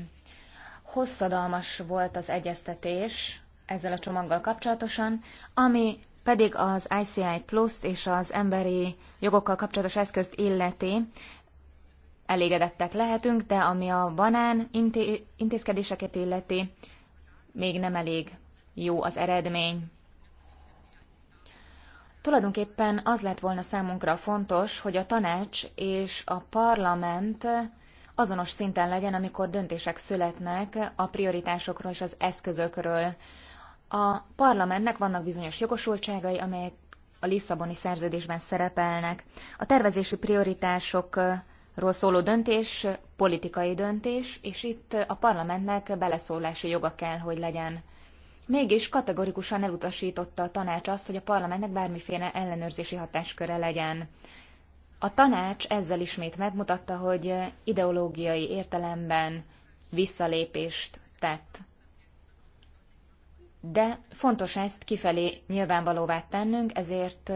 hosszadalmas volt az egyeztetés ezzel a csomaggal kapcsolatosan, ami pedig az ICI Plus-t és az emberi jogokkal kapcsolatos eszközt illeti, elégedettek lehetünk, de ami a banán intézkedéseket illeti, még nem elég jó az eredmény. Tulajdonképpen az lett volna számunkra fontos, hogy a tanács és a parlament azonos szinten legyen, amikor döntések születnek a prioritásokról és az eszközökről. A parlamentnek vannak bizonyos jogosultságai, amelyek a Lisszaboni szerződésben szerepelnek. A tervezési prioritásokról szóló döntés politikai döntés, és itt a parlamentnek beleszólási joga kell, hogy legyen. Mégis kategorikusan elutasította a tanács azt, hogy a parlamentnek bármiféle ellenőrzési hatásköre legyen. A tanács ezzel ismét megmutatta, hogy ideológiai értelemben visszalépést tett. De fontos ezt kifelé nyilvánvalóvá tennünk, ezért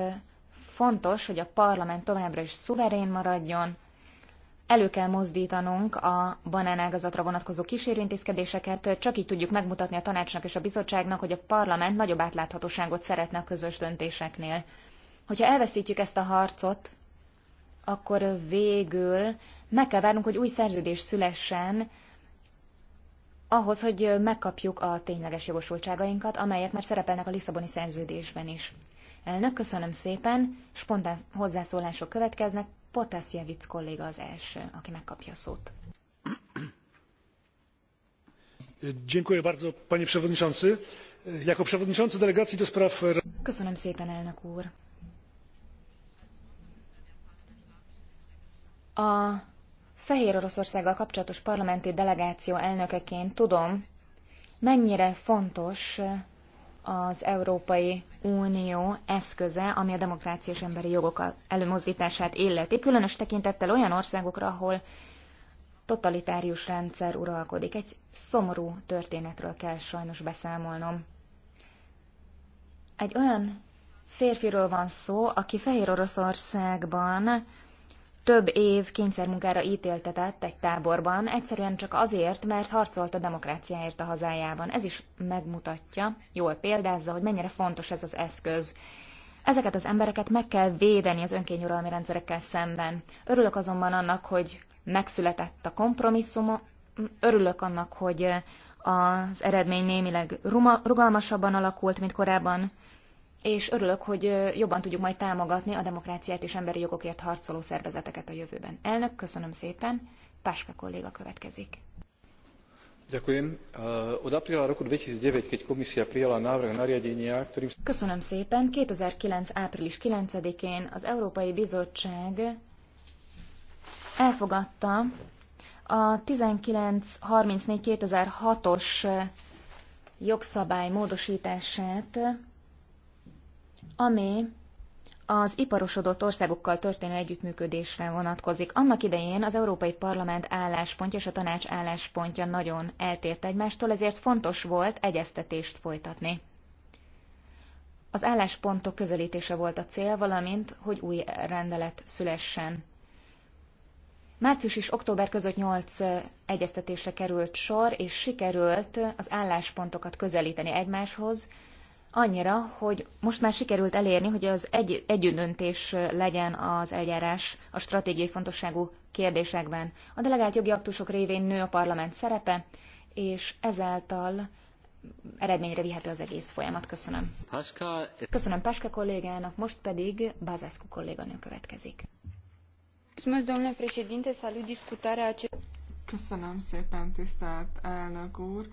fontos, hogy a parlament továbbra is szuverén maradjon, elő kell mozdítanunk a banánágazatra vonatkozó kísérőintézkedéseket, csak így tudjuk megmutatni a tanácsnak és a bizottságnak, hogy a parlament nagyobb átláthatóságot szeretne a közös döntéseknél. Hogyha elveszítjük ezt a harcot, akkor végül meg kell várnunk, hogy új szerződés szülessen, ahhoz, hogy megkapjuk a tényleges jogosultságainkat, amelyek már szerepelnek a Lisszaboni szerződésben is. Elnök, köszönöm szépen, spontán hozzászólások következnek, Potasjevic kolléga az első, aki megkapja a szót. Köszönöm szépen, elnök úr. A Fehér Oroszországgal kapcsolatos parlamenti delegáció elnökeként tudom, mennyire fontos az Európai Unió eszköze, ami a demokrácia és emberi jogok előmozdítását illeti, különös tekintettel olyan országokra, ahol totalitárius rendszer uralkodik. Egy szomorú történetről kell sajnos beszámolnom. Egy olyan férfiről van szó, aki Fehér Oroszországban több év kényszermunkára ítéltetett egy táborban, egyszerűen csak azért, mert harcolt a demokráciáért a hazájában. Ez is megmutatja, jól példázza, hogy mennyire fontos ez az eszköz. Ezeket az embereket meg kell védeni az önkényuralmi rendszerekkel szemben. Örülök azonban annak, hogy megszületett a kompromisszum, örülök annak, hogy az eredmény némileg rugalmasabban alakult, mint korábban és örülök, hogy jobban tudjuk majd támogatni a demokráciát és emberi jogokért harcoló szervezeteket a jövőben. Elnök, köszönöm szépen. Páska kolléga következik. Ďakujem. Od apríla roku 2009, keď komisia prijala návrh nariadenia, ktorým... Köszönöm szépen. 2009. április 9-én az Európai Bizottság elfogadta a 1934-2006-os jogszabály módosítását, ami az iparosodott országokkal történő együttműködésre vonatkozik. Annak idején az Európai Parlament álláspontja és a tanács álláspontja nagyon eltért egymástól, ezért fontos volt egyeztetést folytatni. Az álláspontok közelítése volt a cél, valamint, hogy új rendelet szülessen. Március és október között nyolc egyeztetésre került sor, és sikerült az álláspontokat közelíteni egymáshoz, annyira, hogy most már sikerült elérni, hogy az egy, együttdöntés legyen az eljárás a stratégiai fontosságú kérdésekben. A delegált jogi aktusok révén nő a parlament szerepe, és ezáltal eredményre vihető az egész folyamat. Köszönöm. Paska... Köszönöm Paska kollégának, most pedig Bazescu kolléganő következik. Köszönöm szépen, tisztelt elnök úr!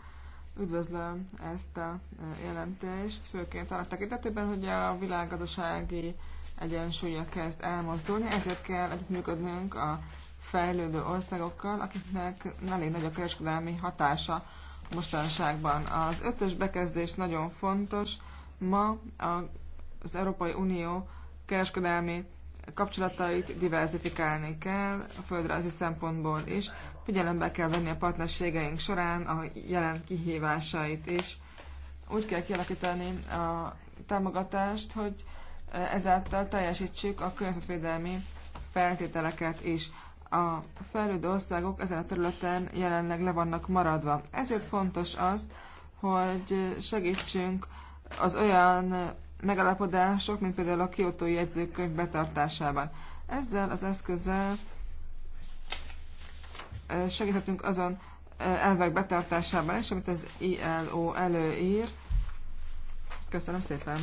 Üdvözlöm ezt a e, jelentést, főként annak tekintetében, hogy a világgazdasági egyensúlya kezd elmozdulni, ezért kell együttműködnünk a fejlődő országokkal, akiknek elég nagy a kereskedelmi hatása mostanságban. Az ötös bekezdés nagyon fontos. Ma az Európai Unió kereskedelmi kapcsolatait diversifikálni kell, a földrajzi szempontból is. Figyelembe kell venni a partnerségeink során a jelen kihívásait és Úgy kell kialakítani a támogatást, hogy ezáltal teljesítsük a környezetvédelmi feltételeket is. A fejlődő országok ezen a területen jelenleg le vannak maradva. Ezért fontos az, hogy segítsünk az olyan megalapodások, mint például a kiotói jegyzőkönyv betartásában. Ezzel az eszközzel segíthetünk azon elvek betartásában is, amit az ILO előír. Köszönöm szépen.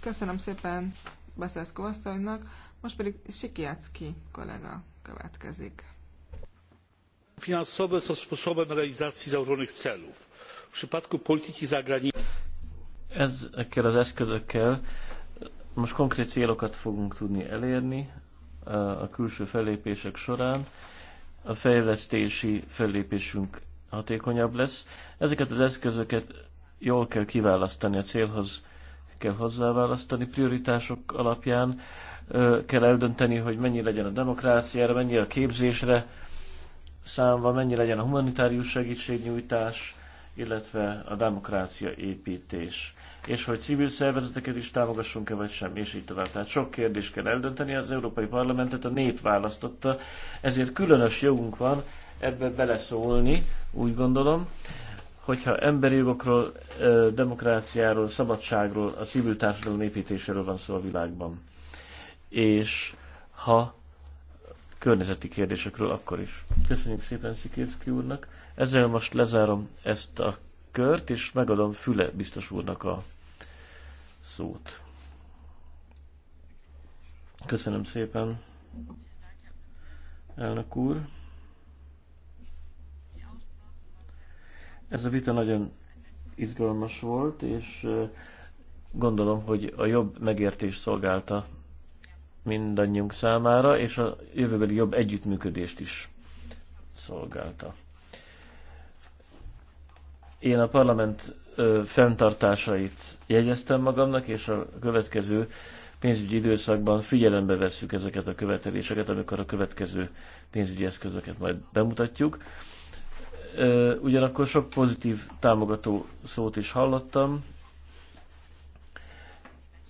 Köszönöm szépen Beszeszko asszonynak, most pedig Sikiacki kollega következik. Finansowe są sposobem realizacji założonych celów. W przypadku polityki zagranicznej ezekkel az eszközökkel most konkrét célokat fogunk tudni elérni a külső felépések során a fejlesztési fellépésünk hatékonyabb lesz. Ezeket az eszközöket jól kell kiválasztani, a célhoz kell hozzáválasztani, prioritások alapján kell eldönteni, hogy mennyi legyen a demokráciára, mennyi a képzésre számva, mennyi legyen a humanitárius segítségnyújtás, illetve a demokrácia építés és hogy civil szervezeteket is támogassunk-e vagy sem, és így tovább. Tehát sok kérdést kell eldönteni, az Európai Parlamentet a nép választotta, ezért különös jogunk van ebbe beleszólni, úgy gondolom, hogyha emberi jogokról, demokráciáról, szabadságról, a civil társadalom építéséről van szó a világban. És ha környezeti kérdésekről akkor is. Köszönjük szépen Szikécki úrnak. Ezzel most lezárom ezt a kört, és megadom Füle biztos úrnak a szót. Köszönöm szépen, elnök úr. Ez a vita nagyon izgalmas volt, és gondolom, hogy a jobb megértés szolgálta mindannyiunk számára, és a jövőbeli jobb együttműködést is szolgálta. Én a parlament ö, fenntartásait jegyeztem magamnak, és a következő pénzügyi időszakban figyelembe vesszük ezeket a követeléseket, amikor a következő pénzügyi eszközöket majd bemutatjuk. Ö, ugyanakkor sok pozitív támogató szót is hallottam,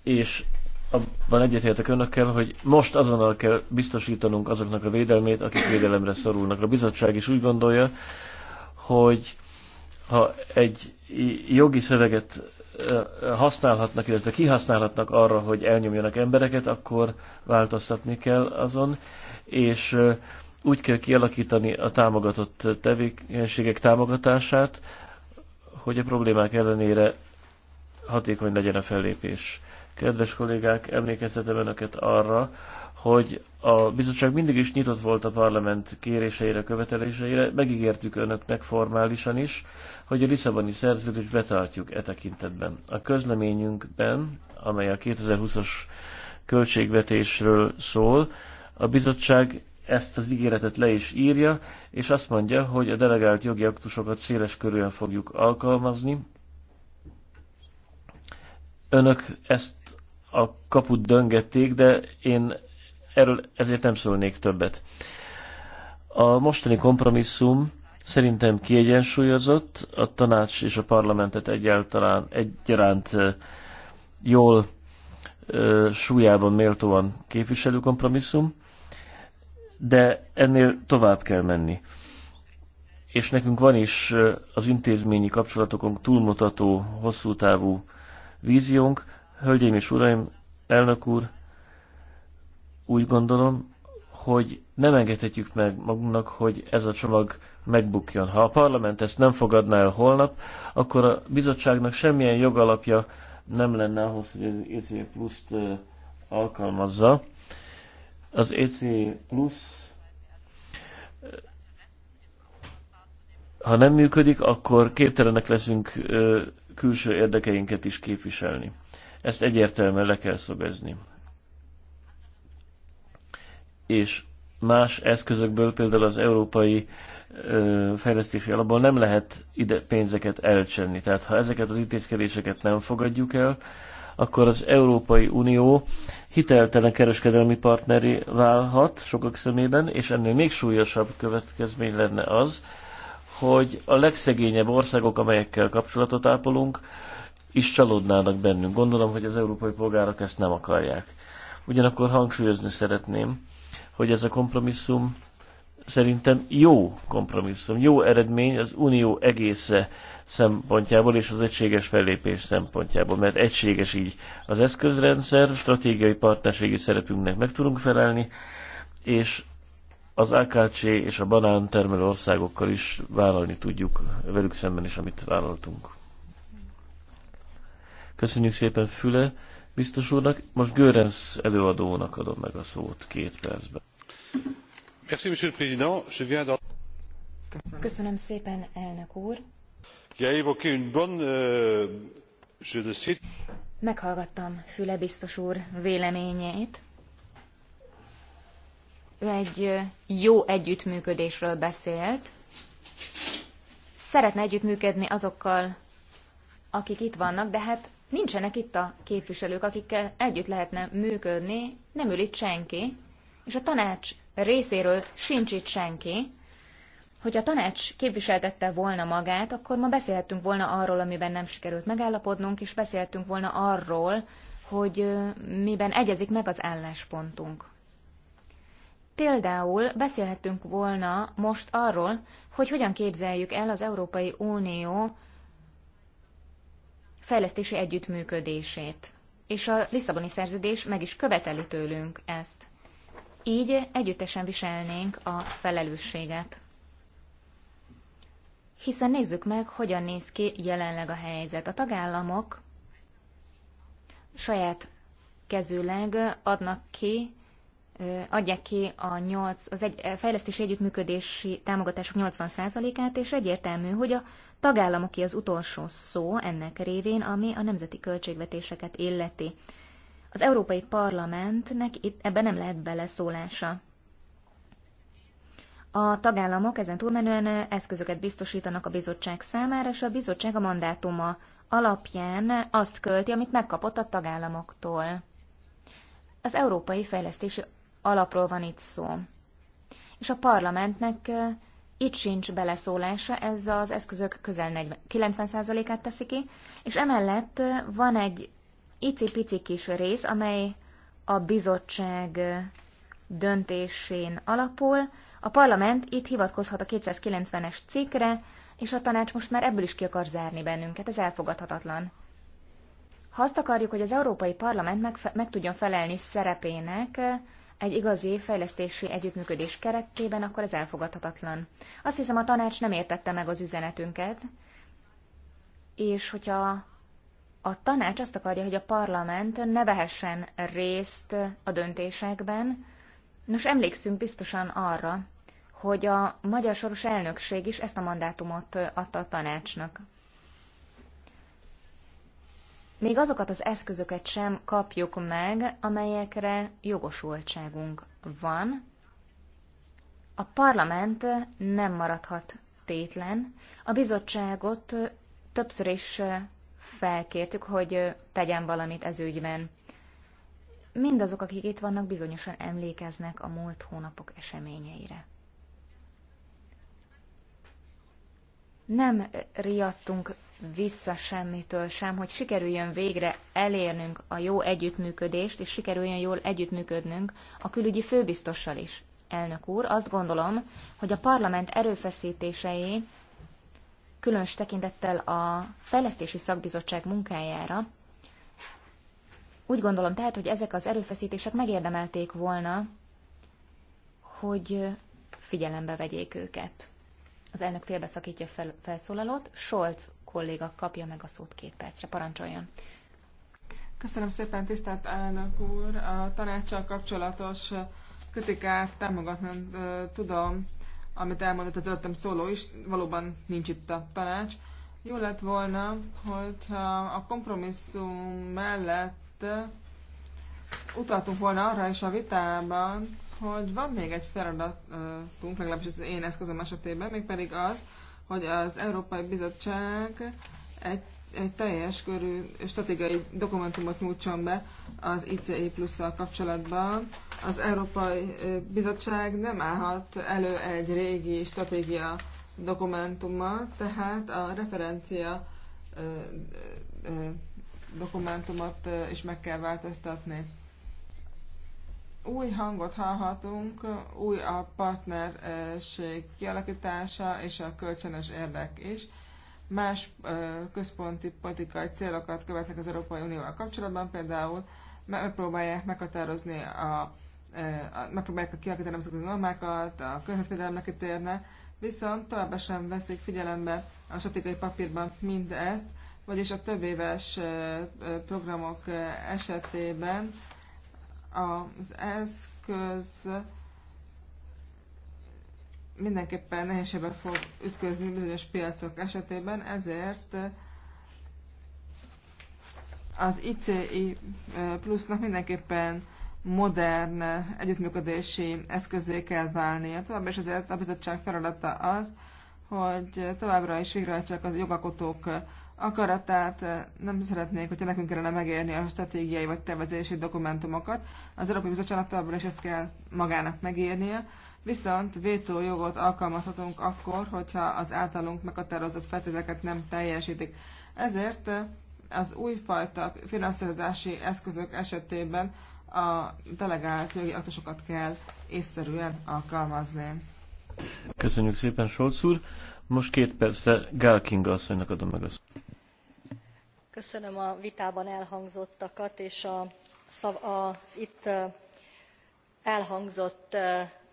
és abban egyetértek önökkel, hogy most azonnal kell biztosítanunk azoknak a védelmét, akik védelemre szorulnak. A bizottság is úgy gondolja, hogy ha egy jogi szöveget használhatnak, illetve kihasználhatnak arra, hogy elnyomjanak embereket, akkor változtatni kell azon, és úgy kell kialakítani a támogatott tevékenységek támogatását, hogy a problémák ellenére hatékony legyen a fellépés. Kedves kollégák, emlékeztetem Önöket arra, hogy a bizottság mindig is nyitott volt a parlament kéréseire, követeléseire, megígértük önöknek formálisan is, hogy a Lisszaboni szerződést betartjuk e tekintetben. A közleményünkben, amely a 2020-as költségvetésről szól, a bizottság ezt az ígéretet le is írja, és azt mondja, hogy a delegált jogi aktusokat széles körülön fogjuk alkalmazni. Önök ezt a kaput döngették, de én erről ezért nem szólnék többet. A mostani kompromisszum szerintem kiegyensúlyozott, a tanács és a parlamentet egyáltalán egyaránt jól súlyában méltóan képviselő kompromisszum, de ennél tovább kell menni. És nekünk van is az intézményi kapcsolatokon túlmutató, hosszú távú víziónk. Hölgyeim és uraim, elnök úr, úgy gondolom, hogy nem engedhetjük meg magunknak, hogy ez a csomag megbukjon. Ha a parlament ezt nem fogadná el holnap, akkor a bizottságnak semmilyen jogalapja nem lenne ahhoz, hogy az EC pluszt alkalmazza. Az EC plusz, ha nem működik, akkor képtelenek leszünk külső érdekeinket is képviselni. Ezt egyértelműen le kell szögezni és más eszközökből, például az európai ö, fejlesztési alapból nem lehet ide pénzeket elcsenni. Tehát ha ezeket az intézkedéseket nem fogadjuk el, akkor az Európai Unió hiteltelen kereskedelmi partneri válhat sokak szemében, és ennél még súlyosabb következmény lenne az, hogy a legszegényebb országok, amelyekkel kapcsolatot ápolunk, is csalódnának bennünk. Gondolom, hogy az európai polgárok ezt nem akarják. Ugyanakkor hangsúlyozni szeretném, hogy ez a kompromisszum szerintem jó kompromisszum, jó eredmény az unió egésze szempontjából és az egységes fellépés szempontjából, mert egységes így az eszközrendszer, stratégiai partnerségi szerepünknek meg tudunk felelni, és az AKC és a banán termelő országokkal is vállalni tudjuk velük szemben is, amit vállaltunk. Köszönjük szépen Füle biztos úrnak, most Görens előadónak adom meg a szót két percben monsieur le président je viens d'entendre qui a évoqué une bonne euh, je le cite Meghallgattam Füle biztos úr véleményét. Ő egy jó együttműködésről beszélt. Szeretne együttműködni azokkal, akik itt vannak, de hát nincsenek itt a képviselők, akikkel együtt lehetne működni, nem ül itt senki, és a tanács részéről sincs itt senki. Hogy a tanács képviseltette volna magát, akkor ma beszélhettünk volna arról, amiben nem sikerült megállapodnunk, és beszélhettünk volna arról, hogy miben egyezik meg az álláspontunk. Például beszélhettünk volna most arról, hogy hogyan képzeljük el az Európai Unió fejlesztési együttműködését. És a Lisszaboni szerződés meg is követeli tőlünk ezt. Így együttesen viselnénk a felelősséget. Hiszen nézzük meg, hogyan néz ki jelenleg a helyzet. A tagállamok saját kezűleg adnak ki, adják ki a 8, az egy, fejlesztési együttműködési támogatások 80%-át, és egyértelmű, hogy a tagállamoké az utolsó szó ennek révén, ami a nemzeti költségvetéseket illeti. Az Európai Parlamentnek itt, ebben nem lehet beleszólása. A tagállamok ezen túlmenően eszközöket biztosítanak a bizottság számára, és a bizottság a mandátuma alapján azt költi, amit megkapott a tagállamoktól. Az Európai Fejlesztési Alapról van itt szó. És a parlamentnek itt sincs beleszólása, ez az eszközök közel 90%-át teszi ki, és emellett van egy icipici kis rész, amely a bizottság döntésén alapul. A parlament itt hivatkozhat a 290-es cikkre, és a tanács most már ebből is ki akar zárni bennünket, ez elfogadhatatlan. Ha azt akarjuk, hogy az Európai Parlament meg, meg tudjon felelni szerepének egy igazi fejlesztési együttműködés keretében, akkor ez elfogadhatatlan. Azt hiszem, a tanács nem értette meg az üzenetünket, és hogyha a tanács azt akarja, hogy a parlament ne vehessen részt a döntésekben. Nos, emlékszünk biztosan arra, hogy a magyar soros elnökség is ezt a mandátumot adta a tanácsnak. Még azokat az eszközöket sem kapjuk meg, amelyekre jogosultságunk van. A parlament nem maradhat tétlen, a bizottságot többször is felkértük, hogy tegyen valamit ez ügyben. Mindazok, akik itt vannak, bizonyosan emlékeznek a múlt hónapok eseményeire. Nem riadtunk vissza semmitől sem, hogy sikerüljön végre elérnünk a jó együttműködést, és sikerüljön jól együttműködnünk a külügyi főbiztossal is. Elnök úr, azt gondolom, hogy a parlament erőfeszítései különös tekintettel a Fejlesztési Szakbizottság munkájára. Úgy gondolom tehát, hogy ezek az erőfeszítések megérdemelték volna, hogy figyelembe vegyék őket. Az elnök félbeszakítja fel, felszólalót, Scholz kolléga kapja meg a szót két percre. Parancsoljon! Köszönöm szépen, tisztelt elnök úr! A tanácssal kapcsolatos kritikát támogatni tudom amit elmondott az előttem szóló is, valóban nincs itt a tanács. Jó lett volna, hogyha a kompromisszum mellett utaltunk volna arra is a vitában, hogy van még egy feladatunk, legalábbis az én eszközöm esetében, mégpedig az, hogy az Európai Bizottság egy egy teljes körű stratégiai dokumentumot nyújtson be az ICE plusszal kapcsolatban. Az Európai Bizottság nem állhat elő egy régi stratégia dokumentummal, tehát a referencia dokumentumot is meg kell változtatni. Új hangot hallhatunk, új a partnerség kialakítása és a kölcsönös érdek is más központi politikai célokat követnek az Európai Unióval kapcsolatban, például megpróbálják meghatározni a megpróbálják kialakítani a normákat, a környezetvédelemnek érne, viszont továbbá sem veszik figyelembe a stratégiai papírban mindezt, vagyis a több éves programok esetében az eszköz mindenképpen nehézsebben fog ütközni bizonyos piacok esetében, ezért az ICI plusznak mindenképpen modern együttműködési eszközé kell válnia. Továbbra is azért a bizottság feladata az, hogy továbbra is csak az jogakotók akaratát, nem szeretnék, hogyha nekünk kellene megérni a stratégiai vagy tervezési dokumentumokat. Az Európai Bizottságnak továbbra is ezt kell magának megírnia, viszont vétójogot alkalmazhatunk akkor, hogyha az általunk meghatározott feltételeket nem teljesítik. Ezért az újfajta finanszírozási eszközök esetében a delegált jogi aktusokat kell észszerűen alkalmazni. Köszönjük szépen, Solc úr. Most két percre Gál Kinga asszonynak adom meg azt. Köszönöm a vitában elhangzottakat és a, az itt elhangzott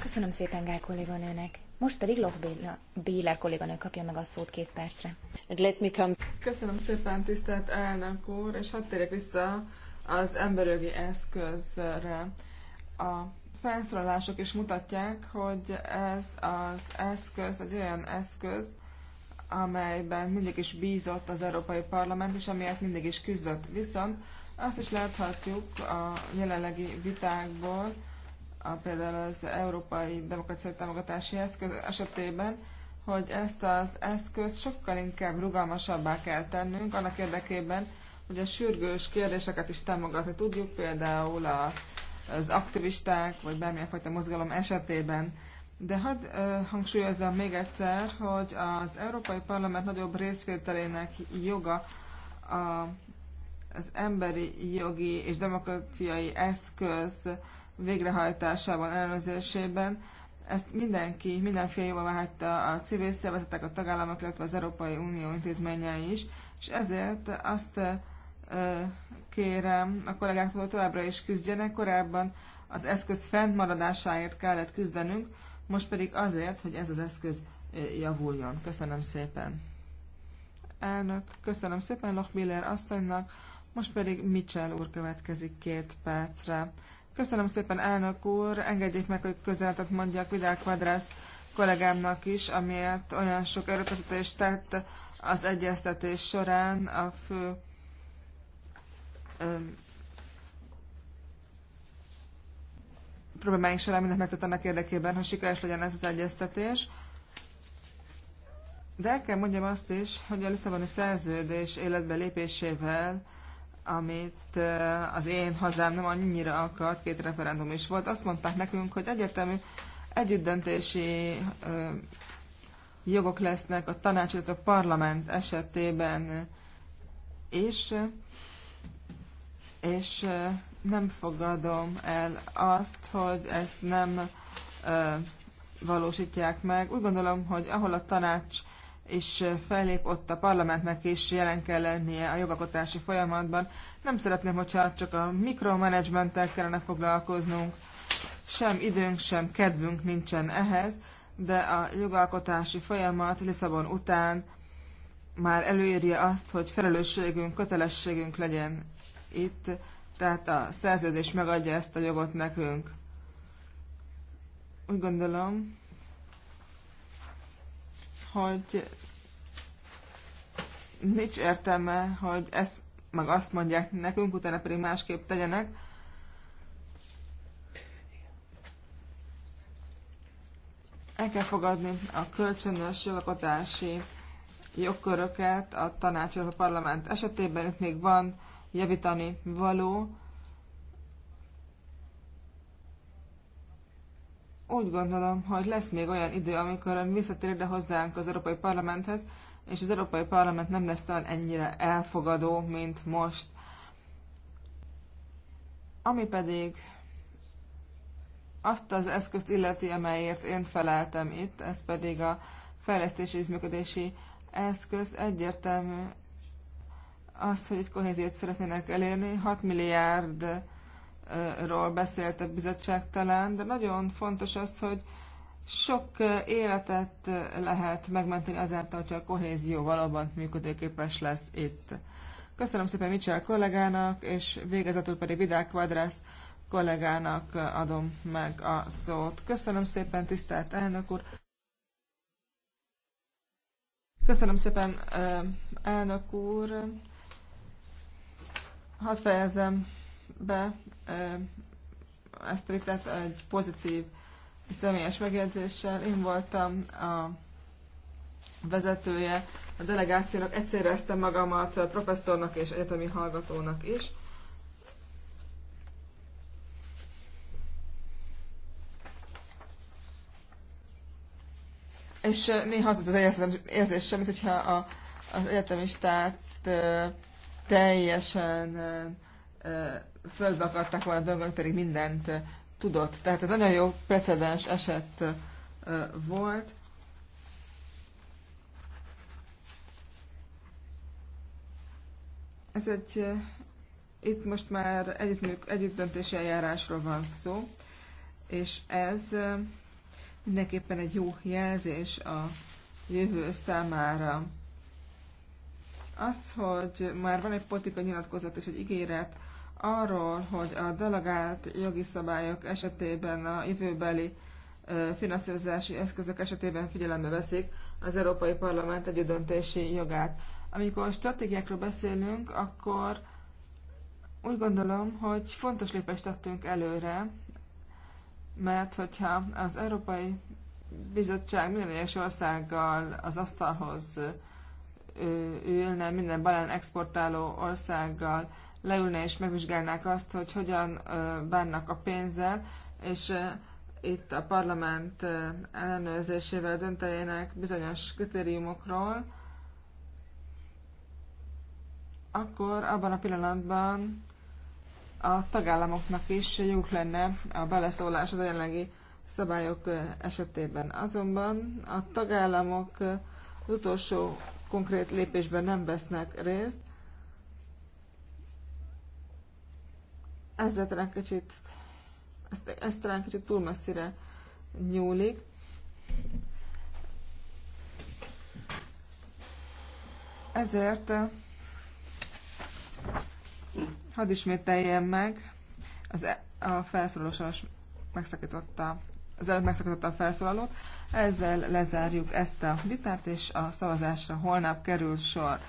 Köszönöm szépen Gál kolléganőnek. Most pedig Loch Béla, Béla kolléganő kapja meg a szót két percre. Let me come. Köszönöm szépen, tisztelt elnök úr, és hadd térjek vissza az emberjogi eszközre. A felszólalások is mutatják, hogy ez az eszköz egy olyan eszköz, amelyben mindig is bízott az Európai Parlament, és amiért mindig is küzdött. Viszont azt is láthatjuk a jelenlegi vitákból, a, például az Európai Demokráciai Támogatási Eszköz esetében, hogy ezt az eszközt sokkal inkább rugalmasabbá kell tennünk, annak érdekében, hogy a sürgős kérdéseket is támogatni tudjuk, például a, az aktivisták, vagy bármilyen fajta mozgalom esetében. De hadd hangsúlyozzam még egyszer, hogy az Európai Parlament nagyobb részvételének joga a az emberi jogi és demokraciai eszköz végrehajtásában, ellenőrzésében. Ezt mindenki, mindenféle jóval hagyta a civil szervezetek, a tagállamok, illetve az Európai Unió intézményei is, és ezért azt kérem a kollégáktól, hogy továbbra is küzdjenek. Korábban az eszköz fennmaradásáért kellett küzdenünk, most pedig azért, hogy ez az eszköz javuljon. Köszönöm szépen. Elnök, köszönöm szépen Lochmiller asszonynak. Most pedig Mitchell úr következik két percre. Köszönöm szépen, elnök úr. Engedjék meg, hogy közeletet mondjak Vidal Quadrász kollégámnak is, amiért olyan sok erőfeszítést tett az egyeztetés során a fő ö, problémáink során mindent megtett annak érdekében, hogy sikeres legyen ez az egyeztetés. De el kell mondjam azt is, hogy a Lisszaboni szerződés életbe lépésével amit az én hazám nem annyira akart, két referendum is volt, azt mondták nekünk, hogy egyetemű együttdöntési jogok lesznek a tanács, illetve a parlament esetében és és nem fogadom el azt, hogy ezt nem valósítják meg. Úgy gondolom, hogy ahol a tanács és fellép, ott a parlamentnek is jelen kell lennie a jogakotási folyamatban. Nem szeretném, hogyha csak a mikromanagementtel kellene foglalkoznunk, sem időnk, sem kedvünk nincsen ehhez, de a jogalkotási folyamat Lisszabon után már előírja azt, hogy felelősségünk, kötelességünk legyen itt, tehát a szerződés megadja ezt a jogot nekünk. Úgy gondolom, hogy nincs értelme, hogy ezt meg azt mondják nekünk, utána pedig másképp tegyenek. El kell fogadni a kölcsönös jogalkotási jogköröket a tanács, a parlament esetében itt még van javítani való, úgy gondolom, hogy lesz még olyan idő, amikor visszatér ide hozzánk az Európai Parlamenthez, és az Európai Parlament nem lesz talán ennyire elfogadó, mint most. Ami pedig azt az eszközt illeti, amelyért én feleltem itt, ez pedig a fejlesztési és működési eszköz egyértelmű az, hogy itt kohéziót szeretnének elérni, 6 milliárd ról beszélt a bizottság talán, de nagyon fontos az, hogy sok életet lehet megmenteni azáltal, hogyha a kohézió valóban működőképes lesz itt. Köszönöm szépen Mitchell kollégának, és végezetül pedig Vidák Vadrász kollégának adom meg a szót. Köszönöm szépen, tisztelt elnök úr! Köszönöm szépen, elnök úr! Hadd fejezem be ezt a vitát egy pozitív személyes megjegyzéssel. Én voltam a vezetője a delegációnak, egyszerre eztem magamat professzornak és egyetemi hallgatónak is. És néha az az érzés sem, mintha az egyetemistát teljesen földbe akarták volna dolgozni, pedig mindent tudott. Tehát ez nagyon jó precedens eset volt. Ez egy, itt most már együtt, együttdöntési eljárásról van szó, és ez mindenképpen egy jó jelzés a jövő számára. Az, hogy már van egy politikai nyilatkozat és egy ígéret arról, hogy a delegált jogi szabályok esetében a jövőbeli finanszírozási eszközök esetében figyelembe veszik az Európai Parlament döntési jogát. Amikor stratégiákról beszélünk, akkor úgy gondolom, hogy fontos lépést tettünk előre, mert hogyha az Európai Bizottság minden egyes országgal az asztalhoz ülne, minden balán exportáló országgal leülne és megvizsgálnák azt, hogy hogyan bánnak a pénzzel, és itt a parlament ellenőrzésével döntenének bizonyos kritériumokról, akkor abban a pillanatban a tagállamoknak is jók lenne a beleszólás az jelenlegi szabályok esetében. Azonban a tagállamok az utolsó konkrét lépésben nem vesznek részt, ezzel talán kicsit, ez, ez talán kicsit túl messzire nyúlik. Ezért eh, hadd ismételjem meg, az, e, a felszólalós megszakította az előbb megszakította a felszólalót. Ezzel lezárjuk ezt a vitát, és a szavazásra holnap kerül sor.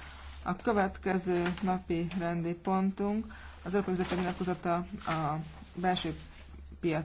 A következő napi rendi pontunk az Európai Bizottság nyilatkozata a belső